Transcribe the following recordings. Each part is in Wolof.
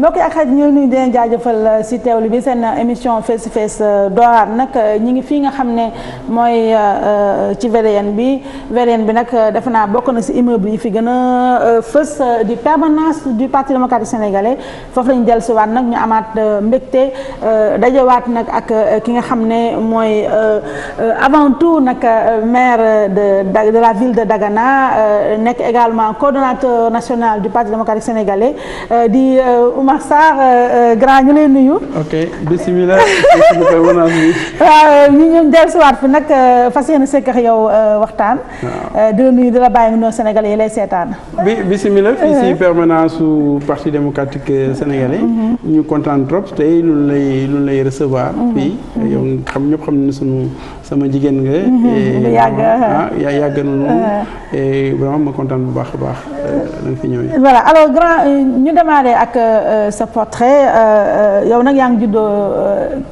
mbokk yi ak xaj ñu nuy den jaajëfal euh, si teewlu bi seen euh, émission face to face euh, dooraat nag ñi ngi fii nga xam ne mooy ci VDN bi VDN bi nag defe naa bokk na si immeuble yi fi gën a fës di permanence du parti démocratique sénégalais foofu lañu ñu jël si waat nag ñu amaat mbégte dajewaat nag ak ki nga xam ne mooy avant tout nag maire de de la ville de Dagana nekk également coordonnateur national du parti démocratique sénégalais di Oumar Sarr euh, euh, grand ñu lay nuyu. ok bisimilah. waaw euh, ñu ñu dellusiwaat fi nag fas yéene sekk ak yow waxtaan. di la nuyu di la bàyyi noo Sénégal yi lay seetaan. bi bisimilah fii si permanence su parti démocratique mhm. ñu kontaan trop tey lu lay lu lay recevoir. Mhm. fii mhm. yow xam ñëpp xam ne sunu. sama jigéen nga. Mhm, nga yàgg ah yàgg nañu. Euh. vraiment ma kontaan bu baax baax euh, da nga fi ñëwee. voilà alors grand euh, ñu démarrer ak sa portrait yow nag yaa ngi juddoo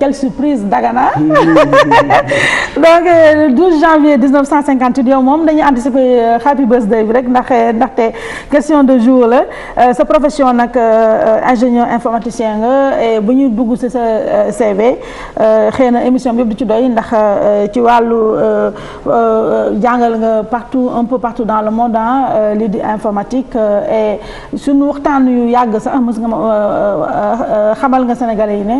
quelle surprise Dagana. Mhm. donc 12 janvier 1958 yow moom dañuy anticiper happy birthday bi rek ndax ndaxte question de jour la sa profession nag ingénieur informaticien nga bu ñu dugg ci sa CV xëy na émission bi yëpp du ci doy ndax. ci wàllu euh, euh, jàngal nga partout un peu partout dans le monde ah lii di informatique et suñu waxtaan yu yàgg sax mës nga ma xamal nga sénégalais yi ne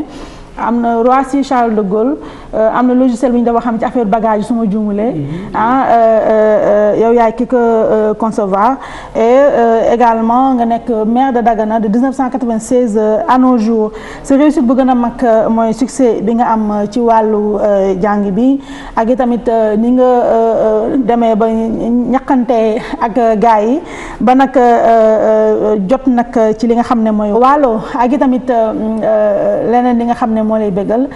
am na Roissy Charles de Gaulle am na logiciel bu ñu dafa xam ci affaire bagage suma ma juumulee mhm. ah euh, euh, euh, yow yaay ki ko concevoir et également nga nekk maire de Dagana de 1996 à nos jours sa réussite bu gën a mag mooy succès bi nga am ci wàllu jàng bi ak i tamit ni nga demee ba ñaqante ak gars yi ba nag jot nag ci li nga xam ne mooy waalo ak i tamit leneen li nga xam ne moo lay bégal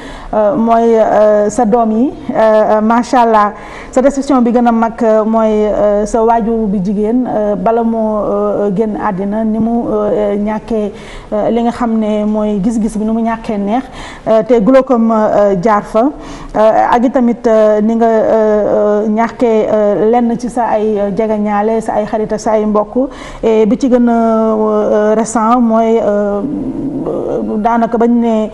mooy Euh, sa doom yi euh, euh, macha allah sa déception bi gën a mag mooy sa waajur bi jigéen bala moo génn àddina ni mu ñàkkee li nga xam ne mooy gis-gis bi ni mu ñàkkee neex te glaucome jaar fa ak itamit ni nga ñàkkee lenn ci sa ay jegeñaale sa ay xarita sa ay mbokk bi ci gën a récent mooy daanaka bañ ne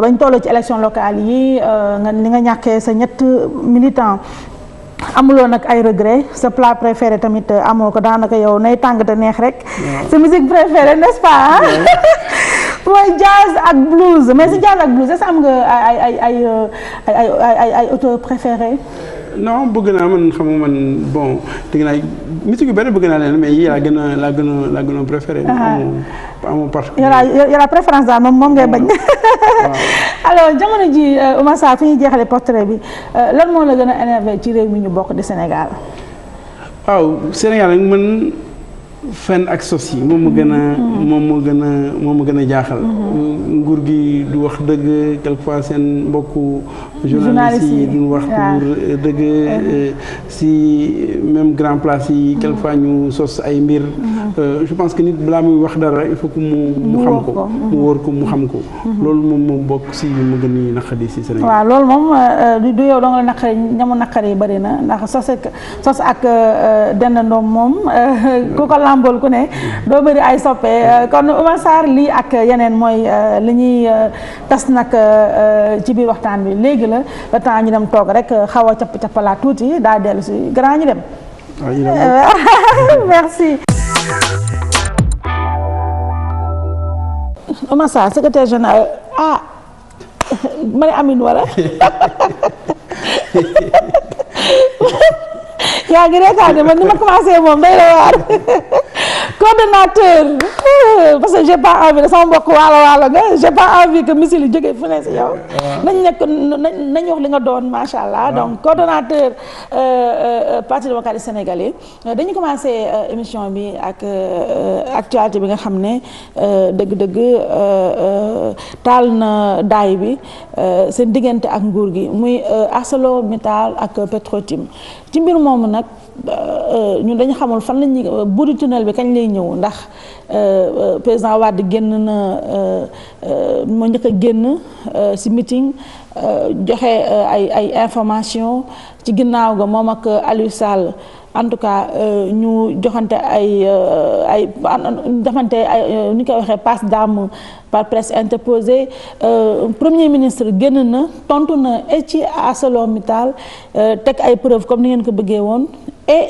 bañ tolloo ci élection locale yi nga ni nga ñàkkee sa ñett militant amuloo nag ay regret sa plat préféré tamit euh, amoo ko daanaka yow nay tàng te neex rek sa musique préférée n'est-ce pas mooy jazz ak blues mais si jazz ak blues est-ce am nga ay ay ay euh, ay préféré non bëgg naa man xam nga man bon dégg naa musique yu bëri bëgg naa leen mais yii laa gën a laa gën a laa gën a préféré. amoo particulier yàlla préférence daal moom moom ngay bañ. alors jamono ji euh, Oumar fi ñuy jeexalee portrait bi euh, lan moo la gën a énervé ci réew mi ñu bokk di Sénégal. waaw Sénégal nag man. fen ak sos yi moom ma gën a moom ma gën a moom ma gën a jaaxal nguur gi du wax dëgg quelquefois seen mbokku journalistes yi duñ wax pour dëgg euh, si même grand place yi quelquefois ñu sos ay mbir mhm. euh, je pense que nit balaa muy wax dara il faut que mu mu xam ko mhm. mu wóor ko mu xam ko mhm. loolu moom moom bokk si yu ma gën a naqari si Sénégal waaw loolu moom euh, du yow danga la ñamu naqari yi bari na ndax sos ak sos ak dendandoom moom ku ko làmbool ku ne doo bëri ay soppe mm. euh, kon Oumar lii ak yeneen mooy euh, li ñuy euh, tas nag ci biir waxtaan bi léegi la le temps ñu dem toog rek xaw a capp cappalaa tuuti daa dellu si grand ñu dem ah, merci Oumar Sarr secrétaire ah ma ne Amine wala yaa ngi reetaan man ni ma commencé moom day la waar coordonnateur eh, parce que j'ai pas envie de sama mbokk waalo waalo nga j'ai pas envie que misil yi jógee fu ne si yow nañ nekk nañ wax li nga doon macha allah donc coordonnateur euh, euh, euh, parti démocratique sénégalais dañu commencé émission bi ak actualité bi nga xam ne dëgg-dëgg taal na daay bi seen diggante ak nguur gi muy ArcelorMittal ak Petrotim ci mbir moomu nag Euh, ñun dañu xamul fan lañu euh, buddi tunnel bi kañ lay ñëw ndax euh, président Wade génn na moo njëkk a génn ci meeting joxe ay ay information ci ginnaaw ga moom ak Aliou Sall en tout cas ñu joxante ay ay defante ay ni koy waxee passe d'armes par presse interposée premier ministre génn na tontu na et ci ArcelorMittal teg ay preuves comme ni ngeen ko bëggee woon et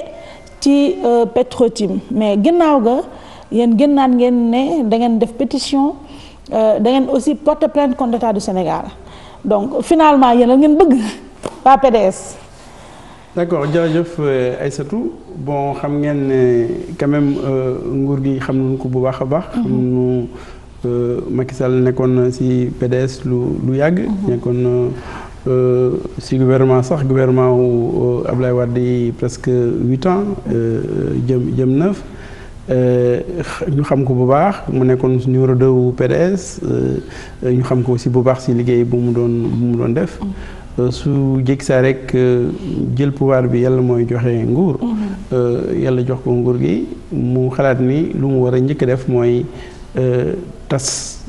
ci euh, Petrotim mais ginnaaw ga yéen génnaat ngeen ne da ngeen def pétition euh, da ngeen aussi porter plainte contre l'État du Sénégal donc finalement yéen ngeen bëgg waa PDS. d'accord jërëjëf euh, Aïssatou bon xam ngeen ne quand même nguur gi xam nañu ko bu baax a baax. Mhm. xam nañu Macky Sall nekkoon ci PDS lu lu yàgg. Mhm. nekkoon. Euh, si gouvernement sax gouvernement wu euh, Ablaye Wade yi presque huit ans euh, jëm jëm neuf ñu xam ko bu baax mu nekkoon numéro deux wu PDS ñu xam ko aussi bu baax si liggéey bu mu doon bu mu def. Mm-hmm. su jëkk saa rek jël pouvoir bi yàlla mooy joxe nguur. Mm-hmm. yàlla jox ko nguur gi mu xalaat ni lu mu war a njëkk def mooy tas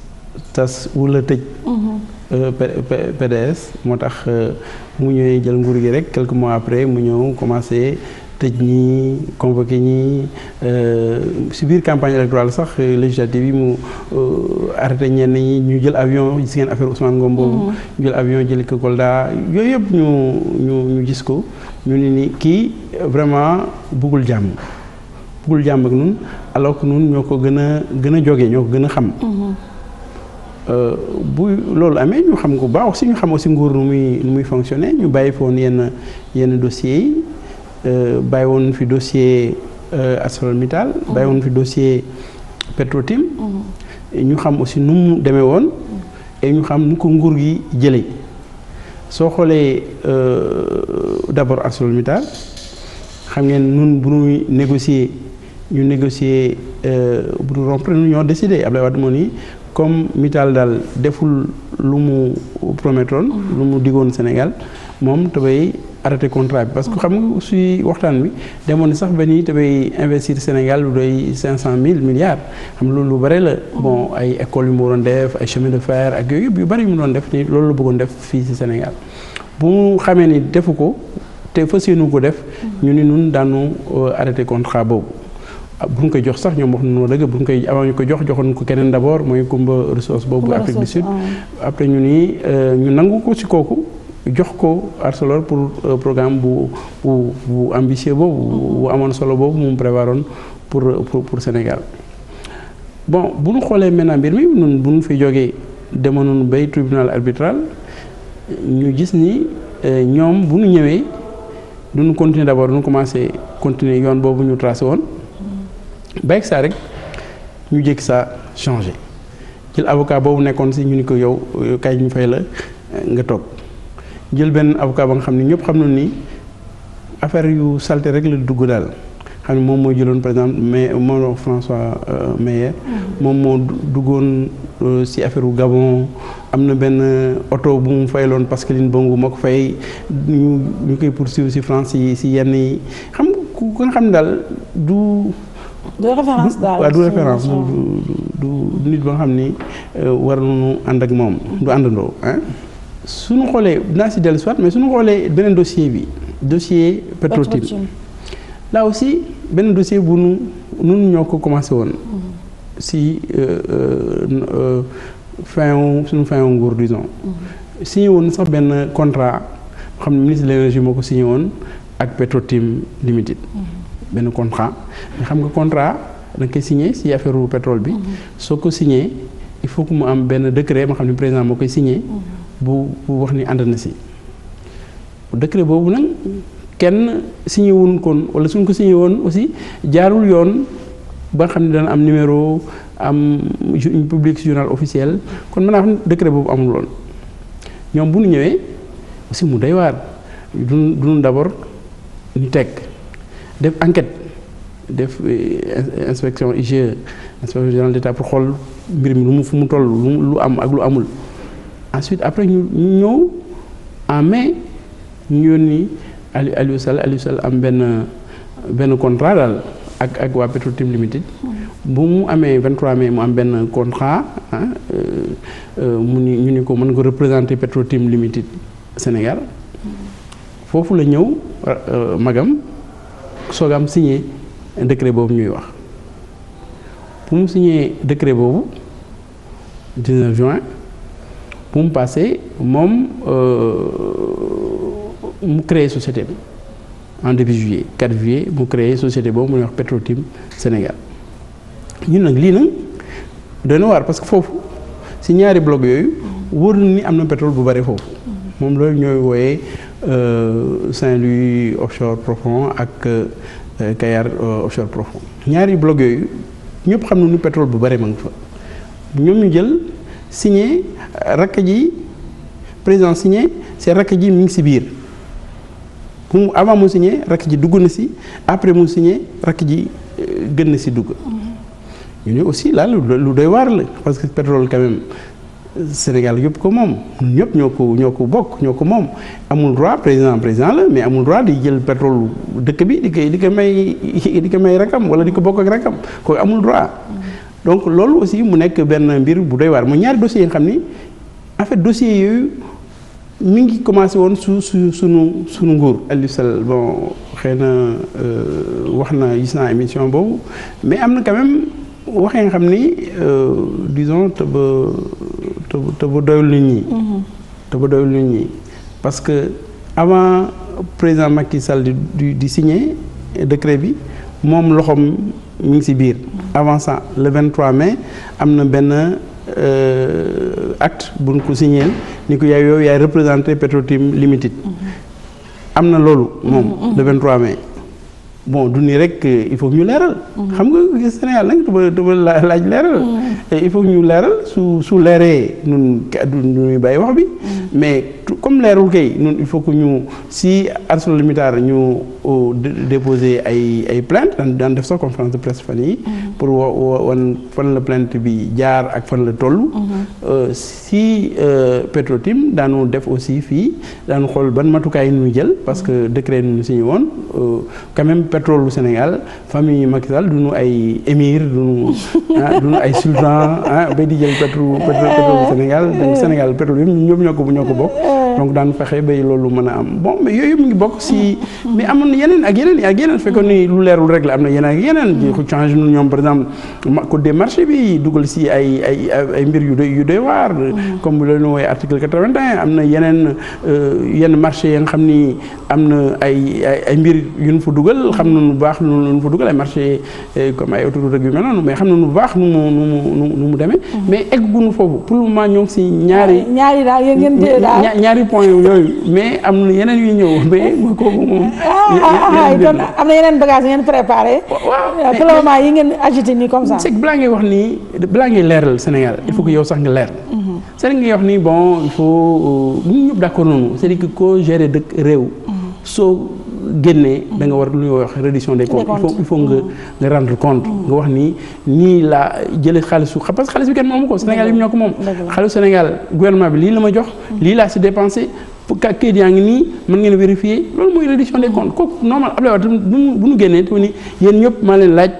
tas wala tëj. Mm-hmm. Euh, PDS moo tax euh, mu ñëwee jël nguur gi rek quelques mois après mu ñëw commencé tëj ñi convoqué ñi euh, si biir campagne électorale sax législative yi mu arrêté ñenn ñi ñu jël avion gis ngeen affaire Ousmane Ngom boobu. Mm-hmm. ñu jël avion jël ko Kolda yooyu yëpp ñu ñu ñu ko ñu ne ni kii vraiment bëggul jàmm bëggul jàmm ak nun alors nun ñoo ko gën a gën a jóge ñoo ko gën a xam. Mm-hmm. Euh, bu loolu amee ñu xam bu baax aussi ñu xam aussi nguur nu muy nu ñu bàyyi foon yenn yenn dossiers yi euh, bàyyi woon fi dossier euh, ArcelorMittal mhm. bàyyi woon fi dossier Petrotim mhm. ñu xam aussi nu mu demee woon mhm. et ñu xam nu ko nguur gi jëlee soo xoolee d'abord ArcelorMittal xam ngeen nun bu ñuy négocier ñu négocier euh, bu dul rompre nu ñoo décidé Abdoulaye Wade moo ni comme Mittal daal deful lu mu promettoon mm-hmm. lu mu digoon Sénégal moom tabay arrêté contrat bi parce que xam nga suy waxtaan bi demoon sax ba nii tabay investir Sénégal lu doy cinq cent mille milliards xam loolu lu bëri la mm-hmm. bon ay écoles yu mu waroon def ay chemin de fer ak yooyu yëpp yu bari yu mu doon def ni loolu la bëggoon def fii si Sénégal bu xamee ni defu ko te fa yéenu ko def mm-hmm. ñu ni nun daanu euh, arrêté contrat boobu Ah, bu ñu koy jox sax ñoom wax nañu dëgg bu ñu koy avant ñu ko jox joxoon ko keneen d' abord mooy Kumba ressource boobu Afrique du Sud après ñu nii euh, ñu nangu ko ci kooku jox ko Arcelor pour euh, programme bu bu bu ambitieux boobu bu mm-hmm. amoon solo boobu mu prévoir pour pour pour Sénégal bon bu ñu xoolee maintenant mbir mi ñun bu ñu fi jógee demoon nañu bay tribunal arbitral ñu gis ni euh, ñoom bu ñu ñëwee du ñu continuer d' abord du ñu commencé continuer yoon boobu ñu tracé woon ba saa rek ñu jékki saa changé jël avocat boobu nekkoon si ñu ni ko yow euh, kay ñu fay la euh, nga toog jël benn avocat ba nga xam ne ñëpp xam nañu ni affaire yu salte rek la dugg daal xam ne moom moo jëloon par exemple mais moo François euh, Meyer mm-hmm. moom moo duggoon si affaire wu Gabon am na benn oto bu mu fayloon parce que lin bongu moo ko fay ñu ñu koy poursuivre si France yi si yenn yi xam ku nga xam ne daal Mm-hmm. du référence daal du référence du du nit ba xam ni euh, war nañu ànd ak moom du àndandoo ah. suñu xoolee dinaa si dellu soit mais suñu xoolee beneen dossier bi dossier Petro-Tim là aussi benn dossier bu nu nun ñoo ko commencé woon mm-hmm. si euh, euh, fin suñu fin nguur disons mm-hmm. signé woon sax benn contrat xam ne ministre de l'énergie moo ko signé woon ak Petro-Tim Limited benn contrat mais xam nga contrat da nga koy signé si affaire pétrole bi. Mhm. soo ko signé il faut que mu am benn décret ma xam ne président moo koy signé. Mhm. bu bu wax ni ànd na si. décret boobu nag kenn signé wuñ kon wala suñ ko signé woon aussi jaarul yoon ba xam ne dana am numéro am public journal officiel kon mën naa xam décret boobu amul woon ñoom bu ñu ñëwee aussi mu doy waar duñ duñ d'abord ñu teg. def enquête def euh, inspection IGE inspection générale d'État pour xool mbir mi lu mu fu mu toll lu am ak lu amul ensuite après ñu ñëw en mai ñu yónni Aliou Aliou Sall am benn benn contrat daal ak ak waa Petro Tim Limited bu mu amee 23 mai mu am benn contrat ah euh, euh, mu ni ñu ni ko mën ko représenter Petro Tim Limited Sénégal foofu la ñëw magam soog am signé décret boobu ñuy wax bu mu signé décret boobu juin bu mu passé moom euh, mu créé société bi en début juillet 4 juillet mu créé société boobu mu ñuy wax Petrotim Sénégal ñu nag lii nag doy na waar parce que foofu si ñaari bloc yooyu wóor na ni am na pétrole bu bare foofu moom loolu ñooy wooyee. Euh, Saint-Louis offshore profond ak euh, Kayar euh, offshore profond ñaari bloc yooyu ñëpp xam nañu pétrole bu bëri ma ngi fa ñoom ñu jël signé rakk ji président signe c'est rakk ji mu ngi si biir bu mu avant mu signé rakk ji dugg na si après mu signé rakk ji gën na si dugg mm-hmm. ñu ne aussi là lu doy waar la parce que pétrole quand Sénégal yëpp ko moom ñëpp ñoo ko ñoo ko bokk ñoo ko moom amul droit président président la mais amul droit di jël pétrole dëkk bi di koy di ko may di ko may rakam wala di ko bokk ak rakam kooku amul droit donc loolu aussi mu nekk benn mbir bu doy waar mu ñaari dossiers yi nga xam ni en fait yooyu mi ngi commencé woon su su sunu sunu nguur Aliou Sall bon xëy na euh, wax na gis naa émission boobu mais am na quand waxee nga xam ni euh, disons te ba te bu te bu doyul ñi. Mhm. te bu doyul nit ñi parce que avant président Macky Sall di di signer bi moom loxoom mi ngi ci biir. avant ça le vingt 23 mais am na benn. Euh, acte bu ñu ko signé ni ko yaay yow yaay représenté Petro Tim Limited. Mhm. am na loolu moom mhm, le 23 mai. bon du nii rek euh, il faut ñu leeral. Mhm. xam nga Sénégal nag dama dama laaj leeral. Mhm. il faut que ñu leeral su su leeree ñun du ñuy bàyyi wax bi mhm. mais. comme leerul kay ñun il faut que ñu si ArcelorMittal ñu euh, déposer ay ay plainte daan def sax conférence de presse fan yi mm-hmm. pour wan fan la plainte bi jaar ak fan la toll mm-hmm. euh, si euh, Petrotim daanu def aussi fii daanu xool ban matukaay ñu jël parce que mm-hmm. décret ñu signé woon quand même pétrole bu Sénégal famille Macky Sall duñu ay émir duñu ah, duñu ay sultan ah, bay di jël pétrole pétrole bu Sénégal Sénégal pétrole bi ñoom ñoo ko ñoo ko bokk donc daan fexe bay loolu mën a am bon mais yooyu mu ngi bokk si mais amoon na yeneen ak yeneen ak yeneen fekkoon ni lu leerul rek am na yeneen hmm. si ay ay ay mbir yu doy yu doy waar hmm. comme loolu woowee article 81 am na yeneen euh, yenn marché ya nga xam ni am na ay ay mbir yu ñu fa dugal xam na bu baax nu ñu marché euh, comme ay autoroute rek yu mel noonu mais xam nañu bu baax nu mu nu mu demee hmm. mais egguñu foofu pour le moment ñoo si ñaari ñaari point yooyu mais am yeneen yu ñëw mais ma kooku moom. Ah, ah, ah, yeneen am na yeneen bagage ngeen préparé. waaw pour euh, le moment yi ngeen agité nii comme ça. c'est que balaa ngay wax nii balaa ngay leeral Sénégal il faut que yow sax nga leer. Mm-hmm. Sénégal ngay wax nii bon il faut euh, ñun ñëpp d'accord noonu c'est-à-dire que koo dëkk réew. Mm-hmm. soo. génnee da nga war lu ñuy wax reddition des comptes il faut nga nga rendre compte mm. nga wax ni nii laa jëlee xaalisu parce que xaalis bi kenn moomu ko Sénégal yi ñoo ko moom xaalisu Sénégal gouvernement bi lii la ma jox mm. lii laa si dépensé pour que kayit yaa ngi nii mën ngeen vérifier loolu mooy reddition des comptes kooku normal Abdoulaye Wade bu ñu génnee te ni yéen ñëpp maa leen laaj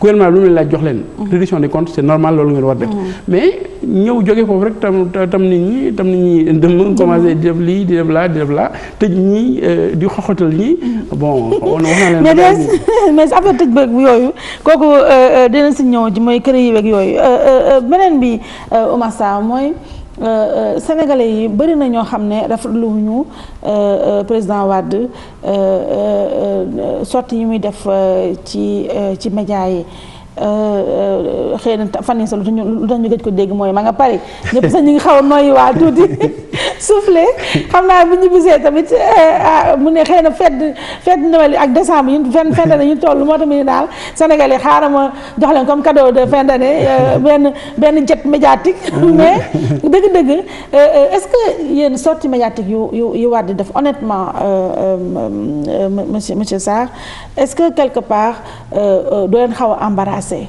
gouvernement lu mu laaj jox leen. reddition des comptes c'est normal loolu ngeen war def. Mm-hmm. mais ñëw jóge foofu rek tam tam nit ñi tam nit ñi dem mm-hmm. commencé di def lii di def laa di def laa tëj ñi euh, di xoxatal ñi mm-hmm. bon. wax na leen mais après tëj beeg yooyu kooku euh, euh, dinañ si ñëw ji mooy kër yi beeg yooyu beneen bi Oumar mooy. Euh, euh, sénégalais yi bëri na ñoo xam ne rafetlu ñu euh, président Wade sorti yi muy def ci ci média yi xëy na fan yii sax lu tax ñu gëj ko dégg mooy ma nga Paris ñëpp sax ñu ngi xaw a noyyi waa tuuti. soufflé xam naa bi ñu bisee tamit eh, ah, mu ne xëy na fête fête Noël ak décembre yu fin fin d'année ñu toll moo tamit ne daal Sénégal yi xaaral ma jox leen comme cadeau de fin d'année euh, benn benn jet médiatique mais dëgg-dëgg euh, euh, est-ce que yéen sortie médiatique yu yu yu war di def honnêtement monsieur monsieur Sarr est-ce que quelque part doo leen xaw a embarrassé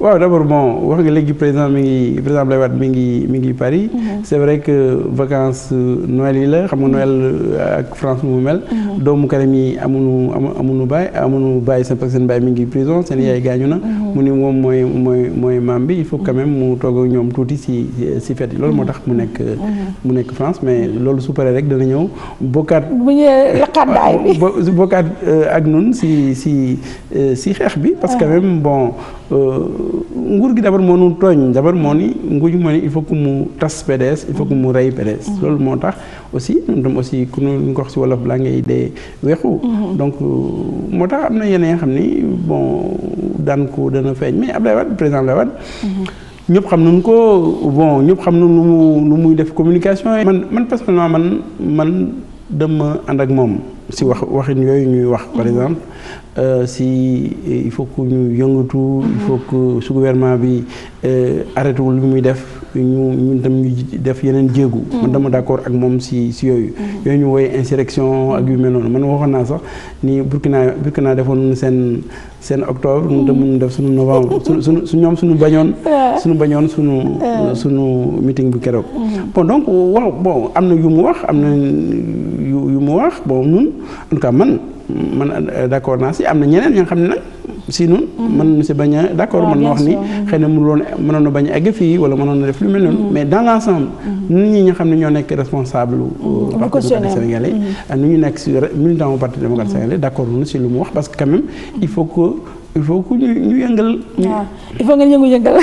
waaw d' abord bon wax nga léegi président mi ngi président Abdoulaye Wade mi ngi mi ngi Paris. Mhm. c' est vrai que vacances euh, Noël yi la xam nga mhm. Noël euh, ak France mu mel. Mhm. doomu Karim yi amuñu amuñu baay amuñu baay seen parce que seen baay mi ngi prison seen yaay gaañu na. mu ni moom mooy mooy mooy maam bi il faut quand même mu toog ak ñoom tuuti si si fête yi loolu moo tax mu nekk. mu nekk France mais loolu su paree rek dana ñëw bokkaat. bu ñëwee bokkaat euh, ak ñun si si si xeex bi. parce que uh-huh. même bon. Euh, nguur gi d'abord moo nu tooñ d'abord moo ni nguur gi moo ni il faut que mu tas PDS il faut que mu rey PDS mm-hmm. loolu moo tax aussi ñun tam aussi ku ñu ko si wolof laa ngay dee weexu mm-hmm. donc euh, moo tax am na yeneen xam ni bon daan ko dana feeñ mais Abdoulaye Wade président Abdoulaye Wade mm-hmm. ñëpp xam nañu ko bon ñëpp xam nañu lu mu lu muy def communication man man personnellement man man dem ànd ak moom si wax waxin yooyu ñuy wax par mhm. exemple euh, si il faut que ñu yëngatu il faut que su gouvernement bi euh, arrêté wul lu muy def ñu ñun tam ñu def yeneen jéegu. Mm-hmm. man dama d'accord ak moom si si yooyu. Mm-hmm. yooyu ñu woowee insurrection ak yu mel noonu man waxoon naa sax ni Burkina Burkina defoon seen seen octobre. ñun tam mun mm-hmm. def suñu novembre su suñu su ñoom suñu bañoon. suñu bañoon suñu suñu meeting bu keroog. bon donc wax bon am na yu mu wax am na yu yu mu wax bon ñun en tout cas man. man euh, d' accord naa si am na ñeneen ñoo xam ne nag si nun mën mm-hmm. na si bañ a d' accord ah, mën na wax ni xëy na mënuloon mënoon na bañ a egg fii wala mënoon def lu mel noonu mm-hmm. mais dans l' ensemble mm-hmm. ñi nga xam ne ñoo nekk responsable parti démocrate sénégalais ak nu ñu nekk si militant bu parti démocrate sénégalais d' accord nu si lu mu wax parce que quand il faut que il faut que ñu yëngal. waaw ah, il faut ngeen yëngu-yëngal.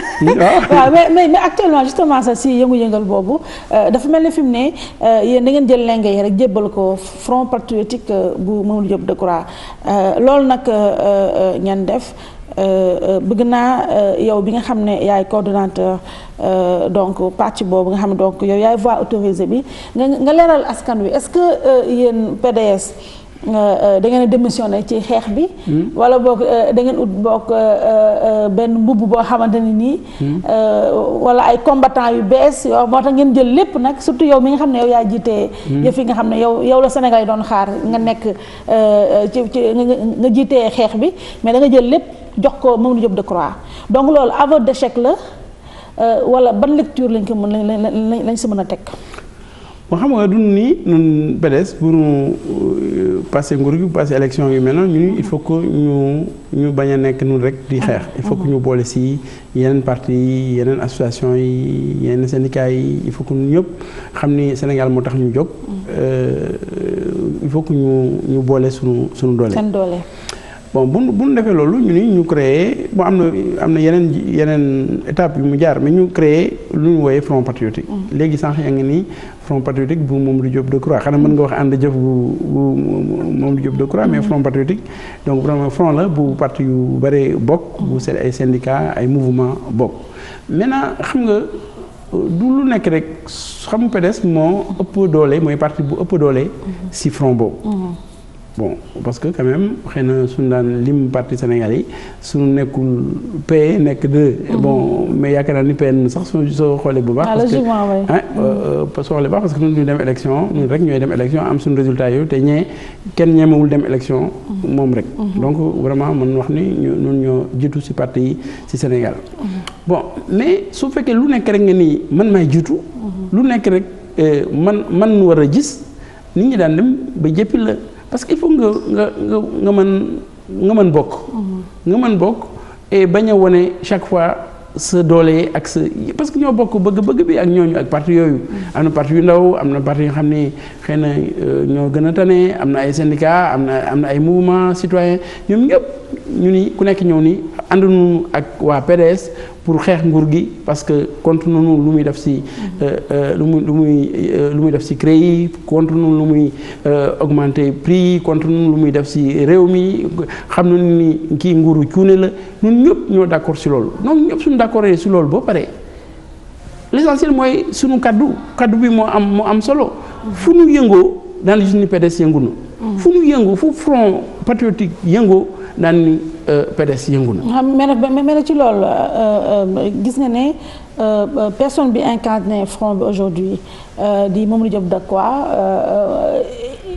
Ah. waaw mais mais actuellement justement si yëngu-yëngal boobu euh, dafa mel ne fi mu ne euh, yéen da ngeen jël lenge yi rek jébbal ko front patriotique euh, bu Mamadou de Decroix loolu nag ngeen def bëgg naa yow bi nga xam ne yaay coordonnateur donc parti boobu nga xam ne donc yow yaay voix autorisée bi nga nga leeral askan wi est-ce que yéen PDS. Euh, da ngeen a démissionné ci xeex bi. Hmm. wala boog euh, da ngeen ut boog euh, benn mbubb boo xamante ne nii. Hmm. wala ay combattant yu bees yoo moo tax ngeen jël lépp nag surtout yow mi nga xam ne yow yaa jiitee hmm. yëf yi nga xam ne yow yow la Sénégal yi doon xaar nga nekk ci ci nga jiitee xeex bi mais da jël lépp jox ko Mamadou de Decroix donc loolu aveu d'échec la wala ban lecture lañ ko mën lañ lañ lañ si mën a teg. moo xam nga dun nii ñun PDS pour ñu euh, passé nguur gi passé élection yu mel noonu ñu il faut que ñu ñu bañ a nekk nun rek di xeex il faut que ñu boole si yeneen partie yi yeneen association yi yeneen syndicats yi il faut que ñu ñëpp xam ni Sénégal moo tax ñu jóg euh, il faut que ñu ñu boole suñu suñu doole bon bu bu ñu defee loolu ñu ni ñu créé moo am na am na yeneen yeneen étape yu mu jaar mais ñu créé lu ñu wooyee front patriotique. Mm. léegi sànq yaa ngi nii front patriotique bu Mamadou Diop Decroix xanaa mën nga wax ànd jëf bu bu Mamadou de Decroix mais mm. front patriotique donc vraiment front la bu parti yu bare bokk. bu mm. seen ay syndicat ay mouvement bokk maintenant xam nga. du lu nekk rek xam PDS moo ëpp doole mooy parti bu ëpp doole. ci mm-hmm. front boobu. Mm-hmm. bon parce que quand même xëy na suñu daan lim parti Sénégal yi suñu nekkul P nekk deux. Mhm. bon mais yaakaar naa ni PN sax suñu soo xoolee bu baax. Ah, parce que ah euh, soo xoolee bu baax parce que ñun ñu dem élection ñun rek ñooy dem élection am suñu résultat yooyu te ñee kenn ñemewul dem élection. Mhm. moom rek. Mhm. donc vraiment man wax ni ñu ñun ñoo jiitu ci parti yi ci Sénégal. bon mais su fekkee lu nekk rek nga ni man maay jiitu. lu nekk rek euh, man man war a gis nit ñi daan dem ba parce que il faut nga nga nga man nga mën bokk. Mhm. nga mën bokk et bañ a wane chaque fois sa doole ak sa parce que ñoo bokk bëgg-bëgg bi ak ñooñu ak parti yooyu. Mhm. am na parti yu ndaw am na parti yoo xam ni xëy na euh, ñoo gën a tane am na ay syndicat am na am na ay mouvement citoyen ñoom ñëpp ñu ni ku nekk ñëw ni ànduñu ak waa PDS. pour xeex nguur gi parce que contre nunu lu muy def si euh, euh, lu muy lu euh, lu muy def si crédit yi contre nunu lu muy augmenter prix yi contre nunu lu muy def si réew mi xam nañu ni kii nguuru cuune la ñun ñëpp ñoo d'accord si loolu donc ñëpp suñu d'accord si loolu ba pare l'essentiel mooy suñu kaddu kaddu bi moo am mu am solo fu ñu yëngoo dans le PDS yëngu mm. fu ñu yëngu fu front patriotique yëngoo naan ni euh, PDS yëngu na. xam mais ci loolu euh, euh, gis nga ne personne bi incarné front bi aujourd'hui di Mamadou Diop Decroix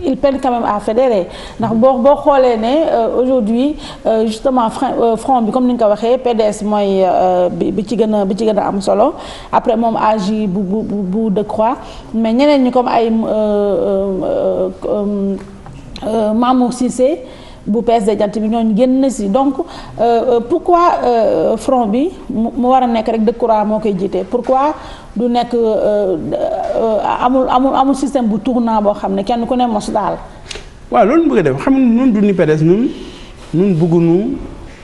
il peine quand même à fédérer ndax boo boo xoolee ne aujourd'hui justement front bi comme ni nga ko waxee PDS mooy bi ci gën bi ci gën am solo après moom agi bu bu bu Decroix mais ñeneen ñi comme ay Mamour Cissé. bu PSD jant bi ñooñu génn na si donc euh, euh, pourquoi euh, front bi mu war a nekk rek dëkk croix moo koy jiite quoi du nekk amul amul amul système bu naa boo xam ne kenn ku ne mos daal. waaw loolu bëgg a def xam nga ñun duñu PDS ñun ñun bëgguñu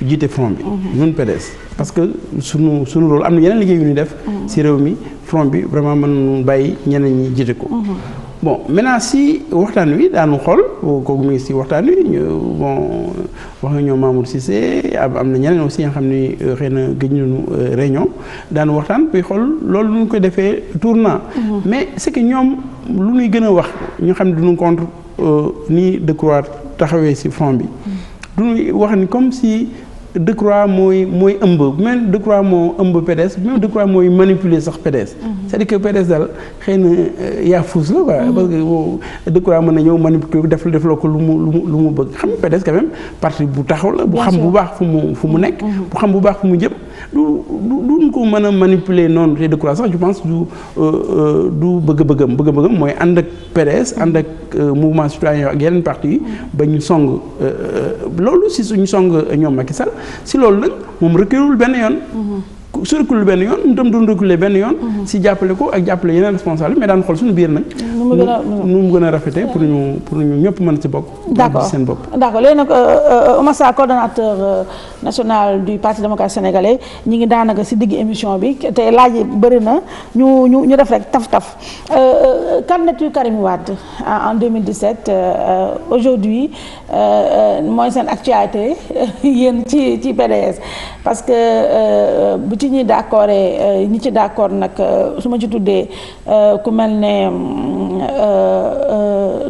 jiite front bi. Mhm. ñun PDS parce que sunu sunu loolu am na yeneen liggéey yu ñuy def. Mhm. si réew mi front bi vraiment mën nañu bàyyi ñeneen ñi jiite ko. Mhm. bon maintenant si waxtaan wi daanu xool kooku mu ngi si waxtaan wi bon wax nga ñoom si Cissé am am na ñeneen aussi nga xam ni euh, xëy na gëj nañu euh, réunion daanu waxtaan puis xool loolu nu koy ko defee tournant mhm. mais c'est que ñoom lu ñuy gën a wax ñu xam ne duñu contre euh, nii de croire taxawee si front bi mhm. duñu wax ni comme si Decroix mooy mooy ëmb même Decroix moo ëmb PDS même Decroix mooy manipuler sax PDS. Mhm. c'est-à-dire que PDS xëy na euh, yaa fuus la quoi. Mhm. parce que mën na ñëw manipuler def defloo ko lu mu lu mu lu mu bëgg xam nga PDS quand parti bu taxaw la. bu xam bu baax fu mu fu mu nekk. Mhm. bu xam bu baax fu mu jëm. du duñ ko mën a manipuler noonu te de sax je pense du euh, euh, du bëgg-bëggam bëgg-bëggam mooy ànd ak PDS ànd ak euh, mouvement citoyen ak yeneen parti ba ñu song loolu si suñu song ñoom Macky Sall si loolu nag moom reculul benn yoon mm-hmm. su reculer benn yoon ñu tam doon reculer benn yoon mhm. si jàppale ko ak jàppale yeneen responsable mais daan xool suñu biir nag nu mu gën a rafetee pour ñu pour ñu ñëpp si bopp d'accord léegi nag euh, euh, Oumar euh, national du parti démocrate sénégalais ñi ngi daanaka si digg émission bi te laaj yi bëri ñu ñu ñu def rek taf-taf candidature Karim Wade en 2017 aujourd'hui mooy seen actualité yéen ci ci PDS parce que ci ñi d'accord euh, ñi ci d'accord nag euh, su ma ci tuddee euh, ku mel ne mm,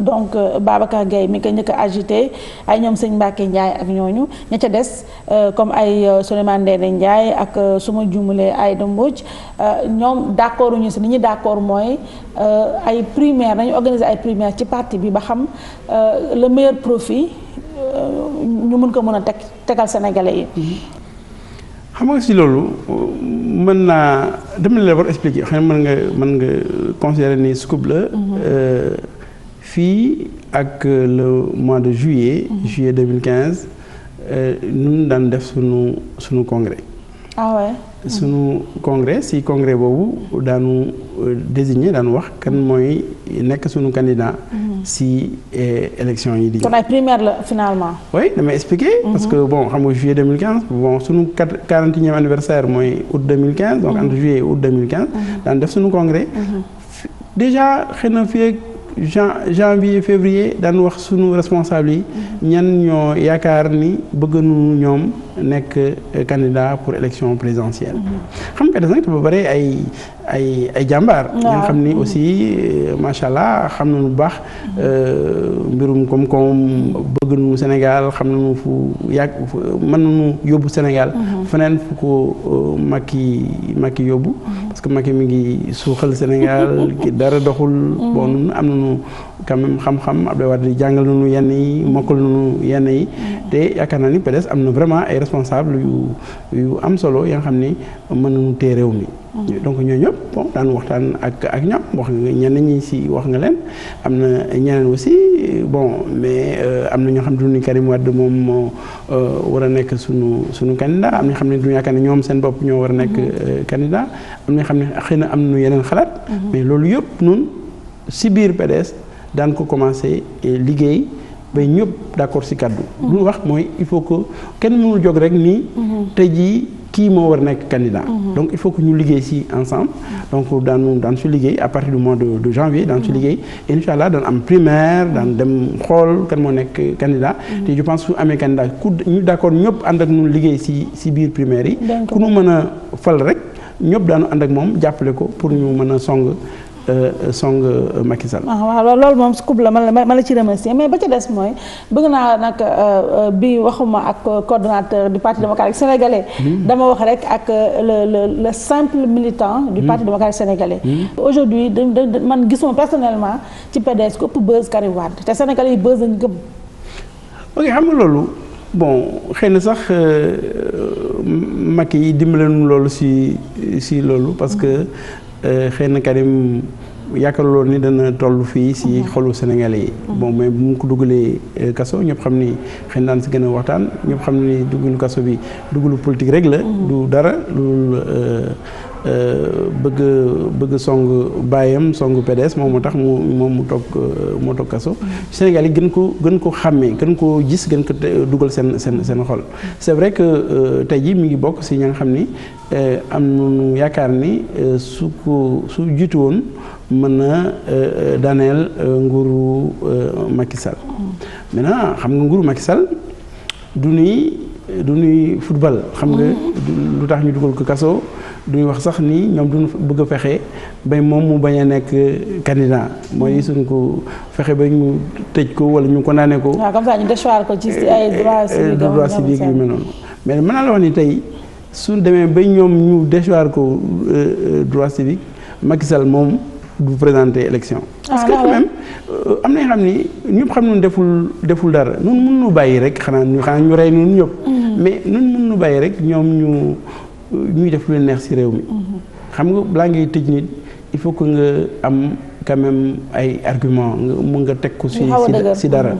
donc Babacar gay mi ko njëkk a ay ñoom sëñ Mbacke Ndiaye ak ñooñu ña ca des comme ay Souleymane Ndéné Ndiaye ak su ma juumulee ay Demboj ñoom d'accord ñu si li ñu d'accord mooy ay primaire dañu organiser ay primaire ci parti bi ba xam le meilleur profit ñu mën ko mën a teg tegal sénégalais yi mm-hmm. xam nga si loolu mën naa dem la war expliquer xam ne mën nga mën nga considérer ni scoop la. Mhm. Euh, fii ak euh, le mois de juillet. Mhm. juillet deux mille quinze. Euh, ñu daan def sunu sunu congrès. ah ouais. sunu congrès si congrès boobu daanu. désigner daan wax kan mooy nekk suñu candidat. Mhm. si eh, élection yi di. kon ay primaire la finalement. oui damay expliquer. Mhm. parce que bon xam nga juillet 2015 bon suñu quarantième anniversaire mooy août 2015. donc mhm. entre juillet août 2015. daan def suñu congrès. déjà xëy na fii ak jan janvier février daan wax suñu responsable yi. ñan ñoo yaakaar ni bëgg nañu ñoom. nekk candidat pour élection présidentielle. xam nga nag dafa ba ay ay ay jàmbaar. ñoo xam ni mm-hmm. aussi euh, macha allah xam na bu baax. Mm-hmm. Euh, mbirum kom koom bëgg nu Sénégal xam nañu fu yàgg mën nañu yóbbu Sénégal. Mm-hmm. feneen fu ko euh, Macky Macky yóbbu. parce que Macky mi ngi suuxal Sénégal dara doxul. bon am nañu. quand même xam-xam Abdoulaye Wade di jàngal nañu yenn yi mokkal nañu yenn yi mm-hmm. te yaakaar naa ni PDS am na vraiment ay responsable yu yu am solo ya nga xam ni mën nañu tee réew mi mm-hmm. donc ñoo ñëpp bon waxtaan ak ak ñoom wax nga ñenn ñi si wax nga leen am na ñeneen aussi bon mais euh, am na ñoo xam ne duñu Karim Wade moom moo euh, war a nekk sunu sunu candidat am na xam ne duñu yaakaar ne ñoom seen bopp ñoo war a nekk mm-hmm. euh, candidat am na xam ne xëy na am na yeneen xalaat mais loolu yëpp nun si biir PDS daan ko commencé eh, liggéey ba ñëpp d'accord ci kàddu mhm. lu wax mooy il faut que kenn mënul jog rek nii mhm. tey jii kii moo war nekk candidat mhm. donc il faut que ñu liggéey ci ensemble donc daan daan su liggéey à partir du mois de janvier daan su liggéey incha allah daan am primaire daan dem xool kan moo nekk candidat te je pense su amee candidat ku ñu d'accord ñëpp ànd ak ñun liggéey ci ci biir primaire yi ku nu mën a fal rek ñëpp daanu ànd ak moom jàppale ko pour ñu mën a song Euh, song euh, Macky Sall. Ah, waaw loolu moom scoop la ma la ma la ci remercier mais ba ca des mooy bëgg naa nag euh, bi waxuma ak coordonnateur du parti démocratique sénégalais. Hmm. dama wax rek ak le le le simple militant. du hmm. parti démocratique sénégalais. Hmm. aujourd'hui man gisuma personnellement ci PDS ko ëpp buzz Karim Wade te sénégalais yi buzz lañ gëm. ok xam nga loolu. bon xëy na sax Macky yi dimbale nu loolu si si loolu parce que Euh, xëy na Karim yaakaaruloon ni dana toll fii si mhm. xolu Sénégalais yi. Mhm. bon mais bu mu ko dugalee euh, kaso ñëpp xam ni xëy na daan si gën a waxtaan ñëpp xam ni duggalu kaso bi duggalu politique rek la. Mhm. du dara lu. Euh, bëgg bëgg song bàyyam song PDS moom moo tax mu moom mu toog euh, moo toog kaso Sénégal yi gën ko gën ko xàmmee gën ko gis gën ko dugal seen seen seen xol c'est vrai que euh, tey jii mi ngi bokk si ña nga xam ni am nañu yaakaar ni su ko su jiitu woon mën na daaneel nguuru makisal Sall xam nga nguuru Macky Sall du nuy du nuy football xam nga mm-hmm. lu tax ñu dugal ko kaso duñ wax sax nii ñoom duñ bëgg a fexe ba moom mu bañ a nekk candidat mooy hmm. suñ ko fexe ba ñu tëj ko wala ñu condamné ko. waaw ah, comme ça ñu déchoir ko ci ay eh, droits eh, civiques. yu mel mais mën naa la wax ni tey suñ demee ba ñoom ñu déchoir ko euh, euh, droits civiques Macky Sall moom du présenter élection. Ah, parce que quand euh, am na xam ni ñëpp xam nañu deful deful dara ñun mënuñu bàyyi rek xanaa ñu ñu rey ñun ñëpp. Hmm. mais ñun mënuñu bàyyi rek ñoom ñu. ñuy def lu leen neex ci réew mi. xam nga balaa ngay tëj nit il faut que nga am quand même ay argument nga mun nga teg ko. ci ci dara.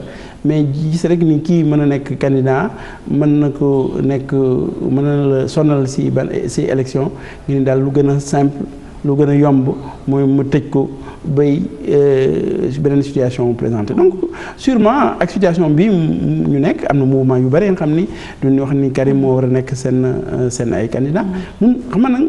mais gis rek ni kii mën a nekk candidat mën na ko nekk mën na sonal ci ban ci élection ñu ne daal lu gën a simple. lu gën a yomb mooy mu tëj ko bay euh, beneen situation mu présenté donc sûrement ak situation bi ñu nekk am na mouvement yu bëri nga xam ni duñu wax ni Karim moo war a nekk seen euh, seen ay candidat mm-hmm. mun xam nag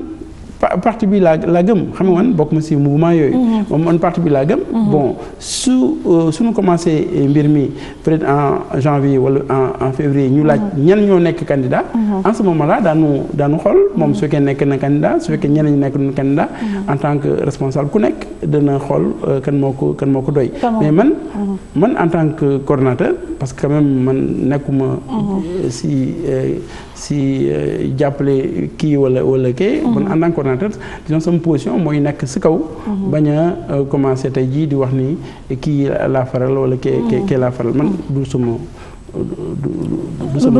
parti bi laa laa gëm xam nga man bokk ma si mouvement yooyu. Mhm. moom man parti bi laa gëm. Mhm. bon su euh, suñu commencé euh, mbir mi peut-être en janvier wala en en février ñu laaj mhm. ñan ñoo nekk candidat. en ce moment là daanu daanu xool moom su fekkee nekk na candidat su fekkee ñeneen ñi nekk na candidat. en tant que responsable ku nekk dana xool euh, kan moo ko kan moo ko doy. mais man man en tant que coordonnateur parce que quand même man nekkuma si. si euh, jàppale kii wala wala kii. man mhm. en tant que coordonnateur disons sama position mooy nekk si kaw. Mhm. bañ euh, commencé tey jii di wax ni kii laa faral wala kii kii kii laa faral man mhm. du suma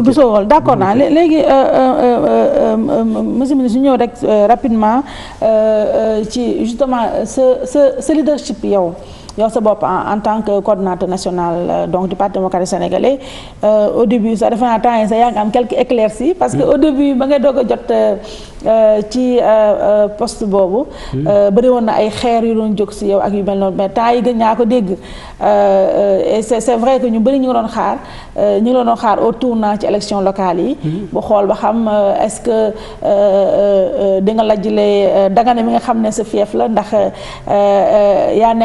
du soo wol d'accord naa léegi euh, monsieur ministre ñu ñëw rek rapidement ci justement sa sa sa leadership yow. yow sa bopp en tant que coordinateur national euh, donc du parti démocratique sénégalais euh, au début sax defe naa temps yi sax yaa ngi am quelques éclaircies parce que hmm. au début ba ngay doog a jot euh, ci post boobu hmm. bari woon na ay xeer yu doon jóg si yow ak yu mel noonu mais temps yi gën ñaa ko dégg et c' est que ñu bëri ñu ngi doon xaar ñu ngi doon xaar au tournant ci élection locale yi hmm. bu xool ba xam est ce que di nga lajjlee dagane bi nga xam ne sa fief la ndax yaa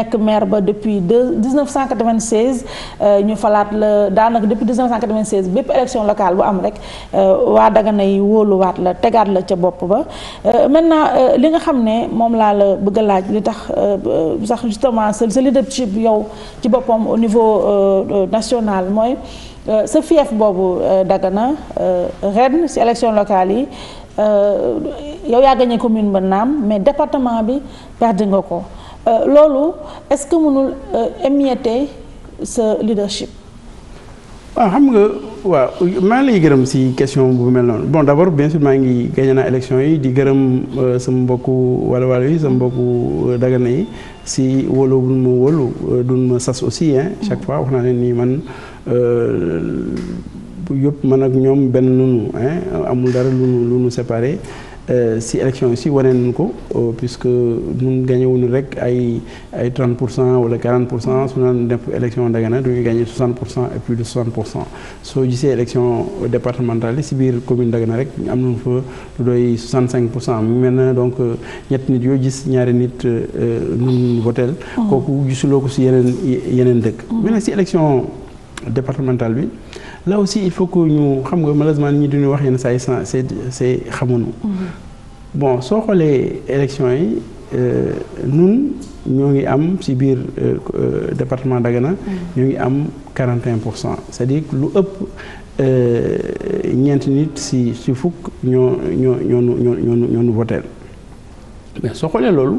depuis deux vingt 1996 euh, ñu falaat la daanaka depuis 1996 bépp élection locale bu am rek euh, waa Dagana yi wóoluwaat la tegaat la ca bopp ba euh, maintenant li nga xam ne moom laa la bëgg a laaj li tax sax justement sa sa leadership yow ci boppam au niveau national mooy sa fief boobu Dagana ren ci élection locale yi yow yaa gagné commune ba naam mais département bi perdi nga ko Euh, loolu est-ce que mënul euh, émietter sa leadership. waaw ah, xam nga waaw maa ngi lay gërëm si question bu mel noonu bon d'abord bien sûr maa ngi gagné naa élection yi di gërëm euh, sama mbokku wàllu wàllu yi sama mbokku dagana yi si wolo bu ma wóolu duñ ma sas aussi hein mm. chaque fois wax naa leen nii man. yëpp man ak ñoom benn nunu amul dara lu nu séparé Euh, si élection yi si wane nañ ko euh, puisque ñun wu wuñu rek ay ay 30 pour cent wala 40 pour cent su naan def élection Dagana du ñu gagné pour cent et plus de 60 soo gisee élection départementale yi si biir commune Dagana rek am nañu fa lu doy 65 pour cent mu mel na donc euh, ñett nit yoo gis ñaari nit ñun votel mm-hmm. kooku gisuloo ko si yeneen yeneen dëkk. Mm-hmm. mais nag si élection départementale bi. là aussi il faut que ñu xam nga malheureusement nit du duñu wax yenn saa yi sans c'est c'est xamuñu mm-hmm. bon soo xoolee élection yi nun euh, ñoo ngi am ci biir euh, euh, département Dagana mm-hmm. ñoo ngi am 41 pour cent c'est-à-dire lu ëpp ñeenti nit ci ci fukk ñoo ñoo ñoo ñoo ñoo ñoo ñu voteel soo xoolee loolu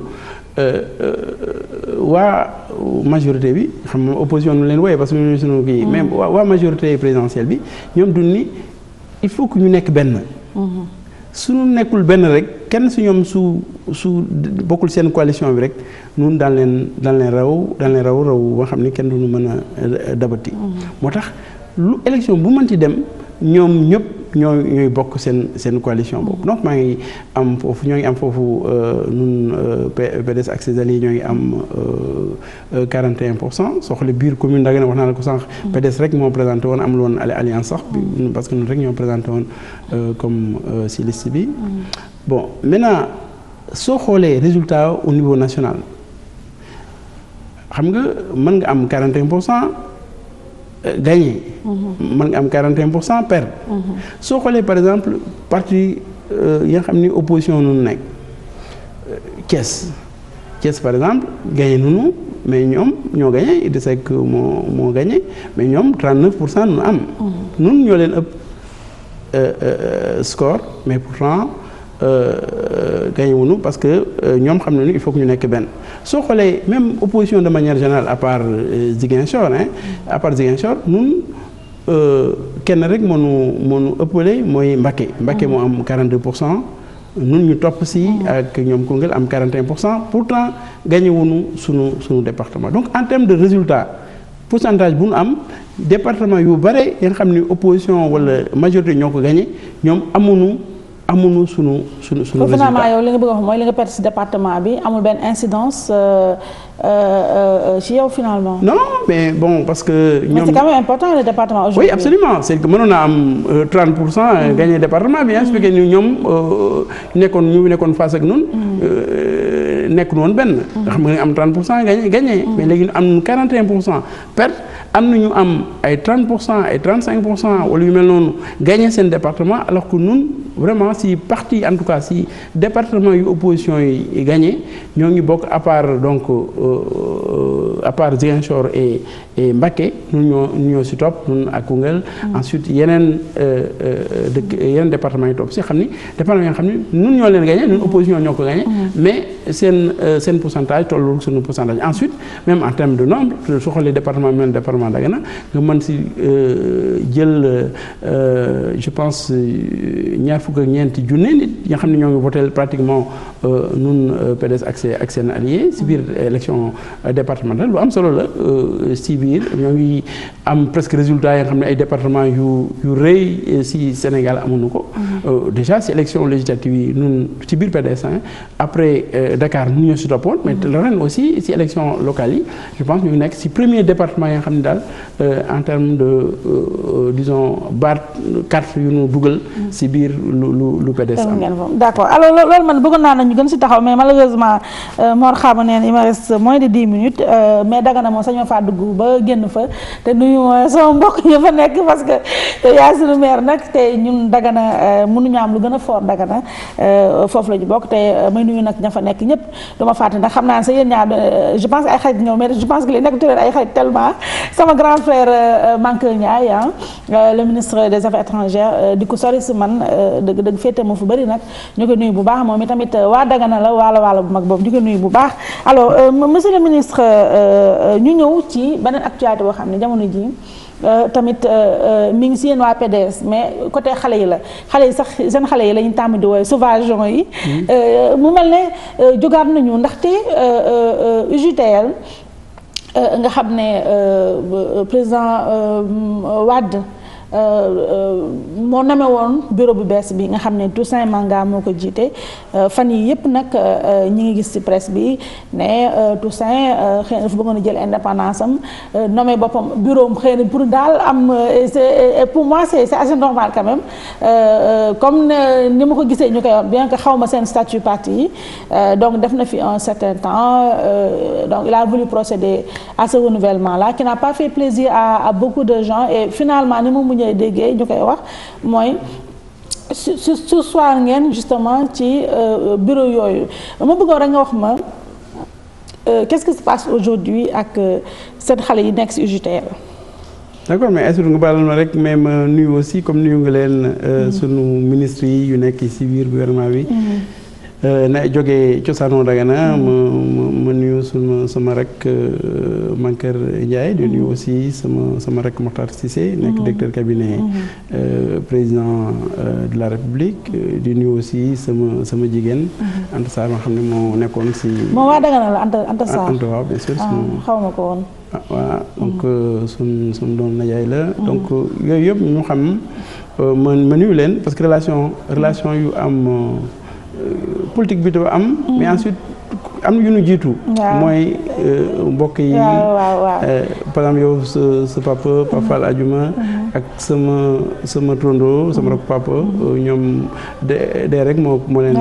Euh, euh, euh, waa majorité bi xam nga opposition nu leen wooyee parce que ñun suñu kii. même waa waa majorité présidentielle bi ñoom du ni il faut que ñu nekk benn. nekkul benn rek kenn su ñoom su su bokkul seen coalition bi rek ñun daan leen daan leen raw daan leen raw raw ba xam ni kenn du nu mën a dabati. Mm-hmm. moo tax lu élection bu mënti dem. ñoom ñëpp ñoo ñooy bokk seen seen coalition boobu mm. donc maa ngi am foofu ñoo ngi am foofu euh, ñun euh, PDS ak ses alliés ñoo ngi am 41 euh, pour cent soxla biir commune Dagana wax naa la ko sànq. Mm. PDS rek moo présenté woon amul woon alliance sax mm. parce que rek ñoo présenté woon comme si liste bi. bon maintenant soo xoolee résultat au niveau national xam nga mën nga am 41 pour cent. gagné. mën nga am 41 pour cent perdre. soo xoolee par exemple parti euh, yi nga xam ni opposition nu nekk euh, Thiès Thiès par exemple gagné nunu mais ñoom ñoo gagné Idrissa Seck moo moo gagné mais ñoom 39 pour cent nu am. Mm-hmm. nun ñoo leen ëpp euh, score mais pourtant. Euh, euh, gañewuñu parce que euh, ñoom xam nañu il faut que ñu nekk benn soo xoolee même opposition de manière générale à part Ziguinchor hein à part Ziguinchor ñun kenn rek moo nu moo nu ëppale mooy Mbacké Mbacké moo am mhm. pour cent nun ñu topp si mhm. ak ñoom Koungheul am 41 pour cent pourtant gagné wuñu sunu suñu département donc en terme de résultat pourcentage bu nu am département yu bare yi nga xam ni opposition wala majorité ñoo ko gagné ñoom amuñu amuñu sunu sunu sunu. résultat finalement yow li nga bëgg a wax mooy li nga perte ci département bi amul benn incidence euh, euh, euh, ci yow finalement. non mais bon parce que. ñoom mais c'est quand même important le département aujourd'hui. oui absolument c'est que mënoon naa am 30 pour mm. département bi. expliqué ni ñoom nekkoon ñu nekkoon face ak ñun. Mm. nekkul woon benn. Mm. xam nga am 30 pour mais léegi am 41 pour cent perte. am na ñu am ay 30 pour cent ay 35 pour cent wala yu mel noonu gagné seen département alors que ñun vraiment si parti en tout cas si département yu opposition yi gagné ñoo ngi bokk à part donc euh, à part Ziguinchor et et Mbacké ñoo si top ñun ak Koungheul. Mm. ensuite yeneen euh, euh, dëkk yeneen département yi topp si xam ni département yi nga xam ni ñun ñoo leen gagné ñun mm. opposition ñoo ko gagné. Mm. mais seen seen pourcentage tollul suñu pourcentage ensuite même en terme de nombre su xoolee département même département. département Dagana nga mën si euh, jël euh, je pense euh, ñaar fukk ak ñeenti junne nit ñi xam ne ñoo ngi voté pratiquement Euh, nun euh, PDS ak seen ak seen allié si biir élection départementale lu am solo la si euh, biir ñoo ngi am presque résultat yi nga xam ne ay département yu yu rëy si Sénégal amuñu ko mhm. déjà si élection législative yi nun ci biir PDS après Dakar nu ñoo si toppoon mais mhm. ren aussi si élection locale yi je pense ñu nekk si premier département yi nga xam ne daal en terme de disons baat carte yu nu dugal si mhm. biir lu lu lu PDS am d'accord alors loolu man bëggoon naa ñu gën si taxaw mais malheureusement euh, Mor xaama neen il me reste moins de dix minutes euh, mais Dagana moom sañoo faa dugg ba génn fa te nuyu sama mbokk ñu fa nekk parce que te yaa suñu nag te ñun Dagana euh, mënuñu am lu gën a fort Dagana foofu la ñu bokk te may nuyu nag ña fa nekk ñëpp duma fàtte ndax xam naa sa yéen ñaar je pense ay xarit ñëw mais je pense que li nekk ay xarit tellement sama grand frère Mankeur Ndiaye ah le ministre des affaires étrangères di ko sori si man dëgg dëgg féete ma fu waa Dagana la waalo waalo bu mag boobu di ko bu baax alors euh, monsieur le ministre euh, euh, ñu ñëw ci beneen actualité boo xam ne jamono ji tamit mi ngi si yéen waa PDS mais côté xale yi la xale yi sax seen xale yi lañu ñu tàmm di wooye sauvageon yi mm-hmm. mu mel ne jógaat nañu ndaxte UJTL nga xam ne président Wade Euh, euh, moo name woon bureau bu bees bi nga xam ne Toussaint Manga moo ko jiite euh, fan yii yëpp nag ñi ngi gis ci presse bi ne Toussaint xëy na dafa bëggoon a jël indépendance am nommé boppam bureau am xëy na pour daal am et pour moi c'est c'est assez normal quand même comme ni ma ko gisee ñu koy wax bien que xaw ma seen statut parti yi donc def na fi un certain temps donc il a voulu procéder à ce renouvellement là qui n'a pas fait plaisir à beaucoup de gens et finalement ni mu mujjee déggee ñu koy wax mooy su su soir ngeen justement ci euh, bureau yooyu ma bëggoon rek nga wax ma euh, qu'est-ce qui se passe aujourd'hui ak euh, seen xale yi nekk si UJTL d'accord mais Aïssatou nga baalal ma rek mais ma nuyu aussi comme nuyu nga leen mm-hmm. sunu ministre yi yu nekk ci biir gouvernement bi mm-hmm. Euh, na joge cosaanoo Dagana hmm. ma ma nuyu suma sama rakk euh, Mankar Ndiaye di nuyu hmm. aussi sama sama rakk Mokhtar si nekk hmm. directeur cabinet euh, président de la République di nuyu aussi sama sama jigéen Anta Sarr ma xam ne moo nekkoon si moom waa Dagana la Anta Anta Sarr Anta waaw bien sûr ah, xaw ma ko woon ah, voilà donc suñ suñ doon najaay la donc yooyu yëpp ñu xam ma nuyu leen parce que relation relation yu am Euh, politique bi dafa am. Mm. mais ensuite am yu nu jiitu. mooy euh, mbokk yi. Euh, par exemple yow sa sa papa mm-hmm. Papa Fall Adjuma mm-hmm. ak sama sama tondo sama mm-hmm. rakk papa ñoom de de rek moo moo leen.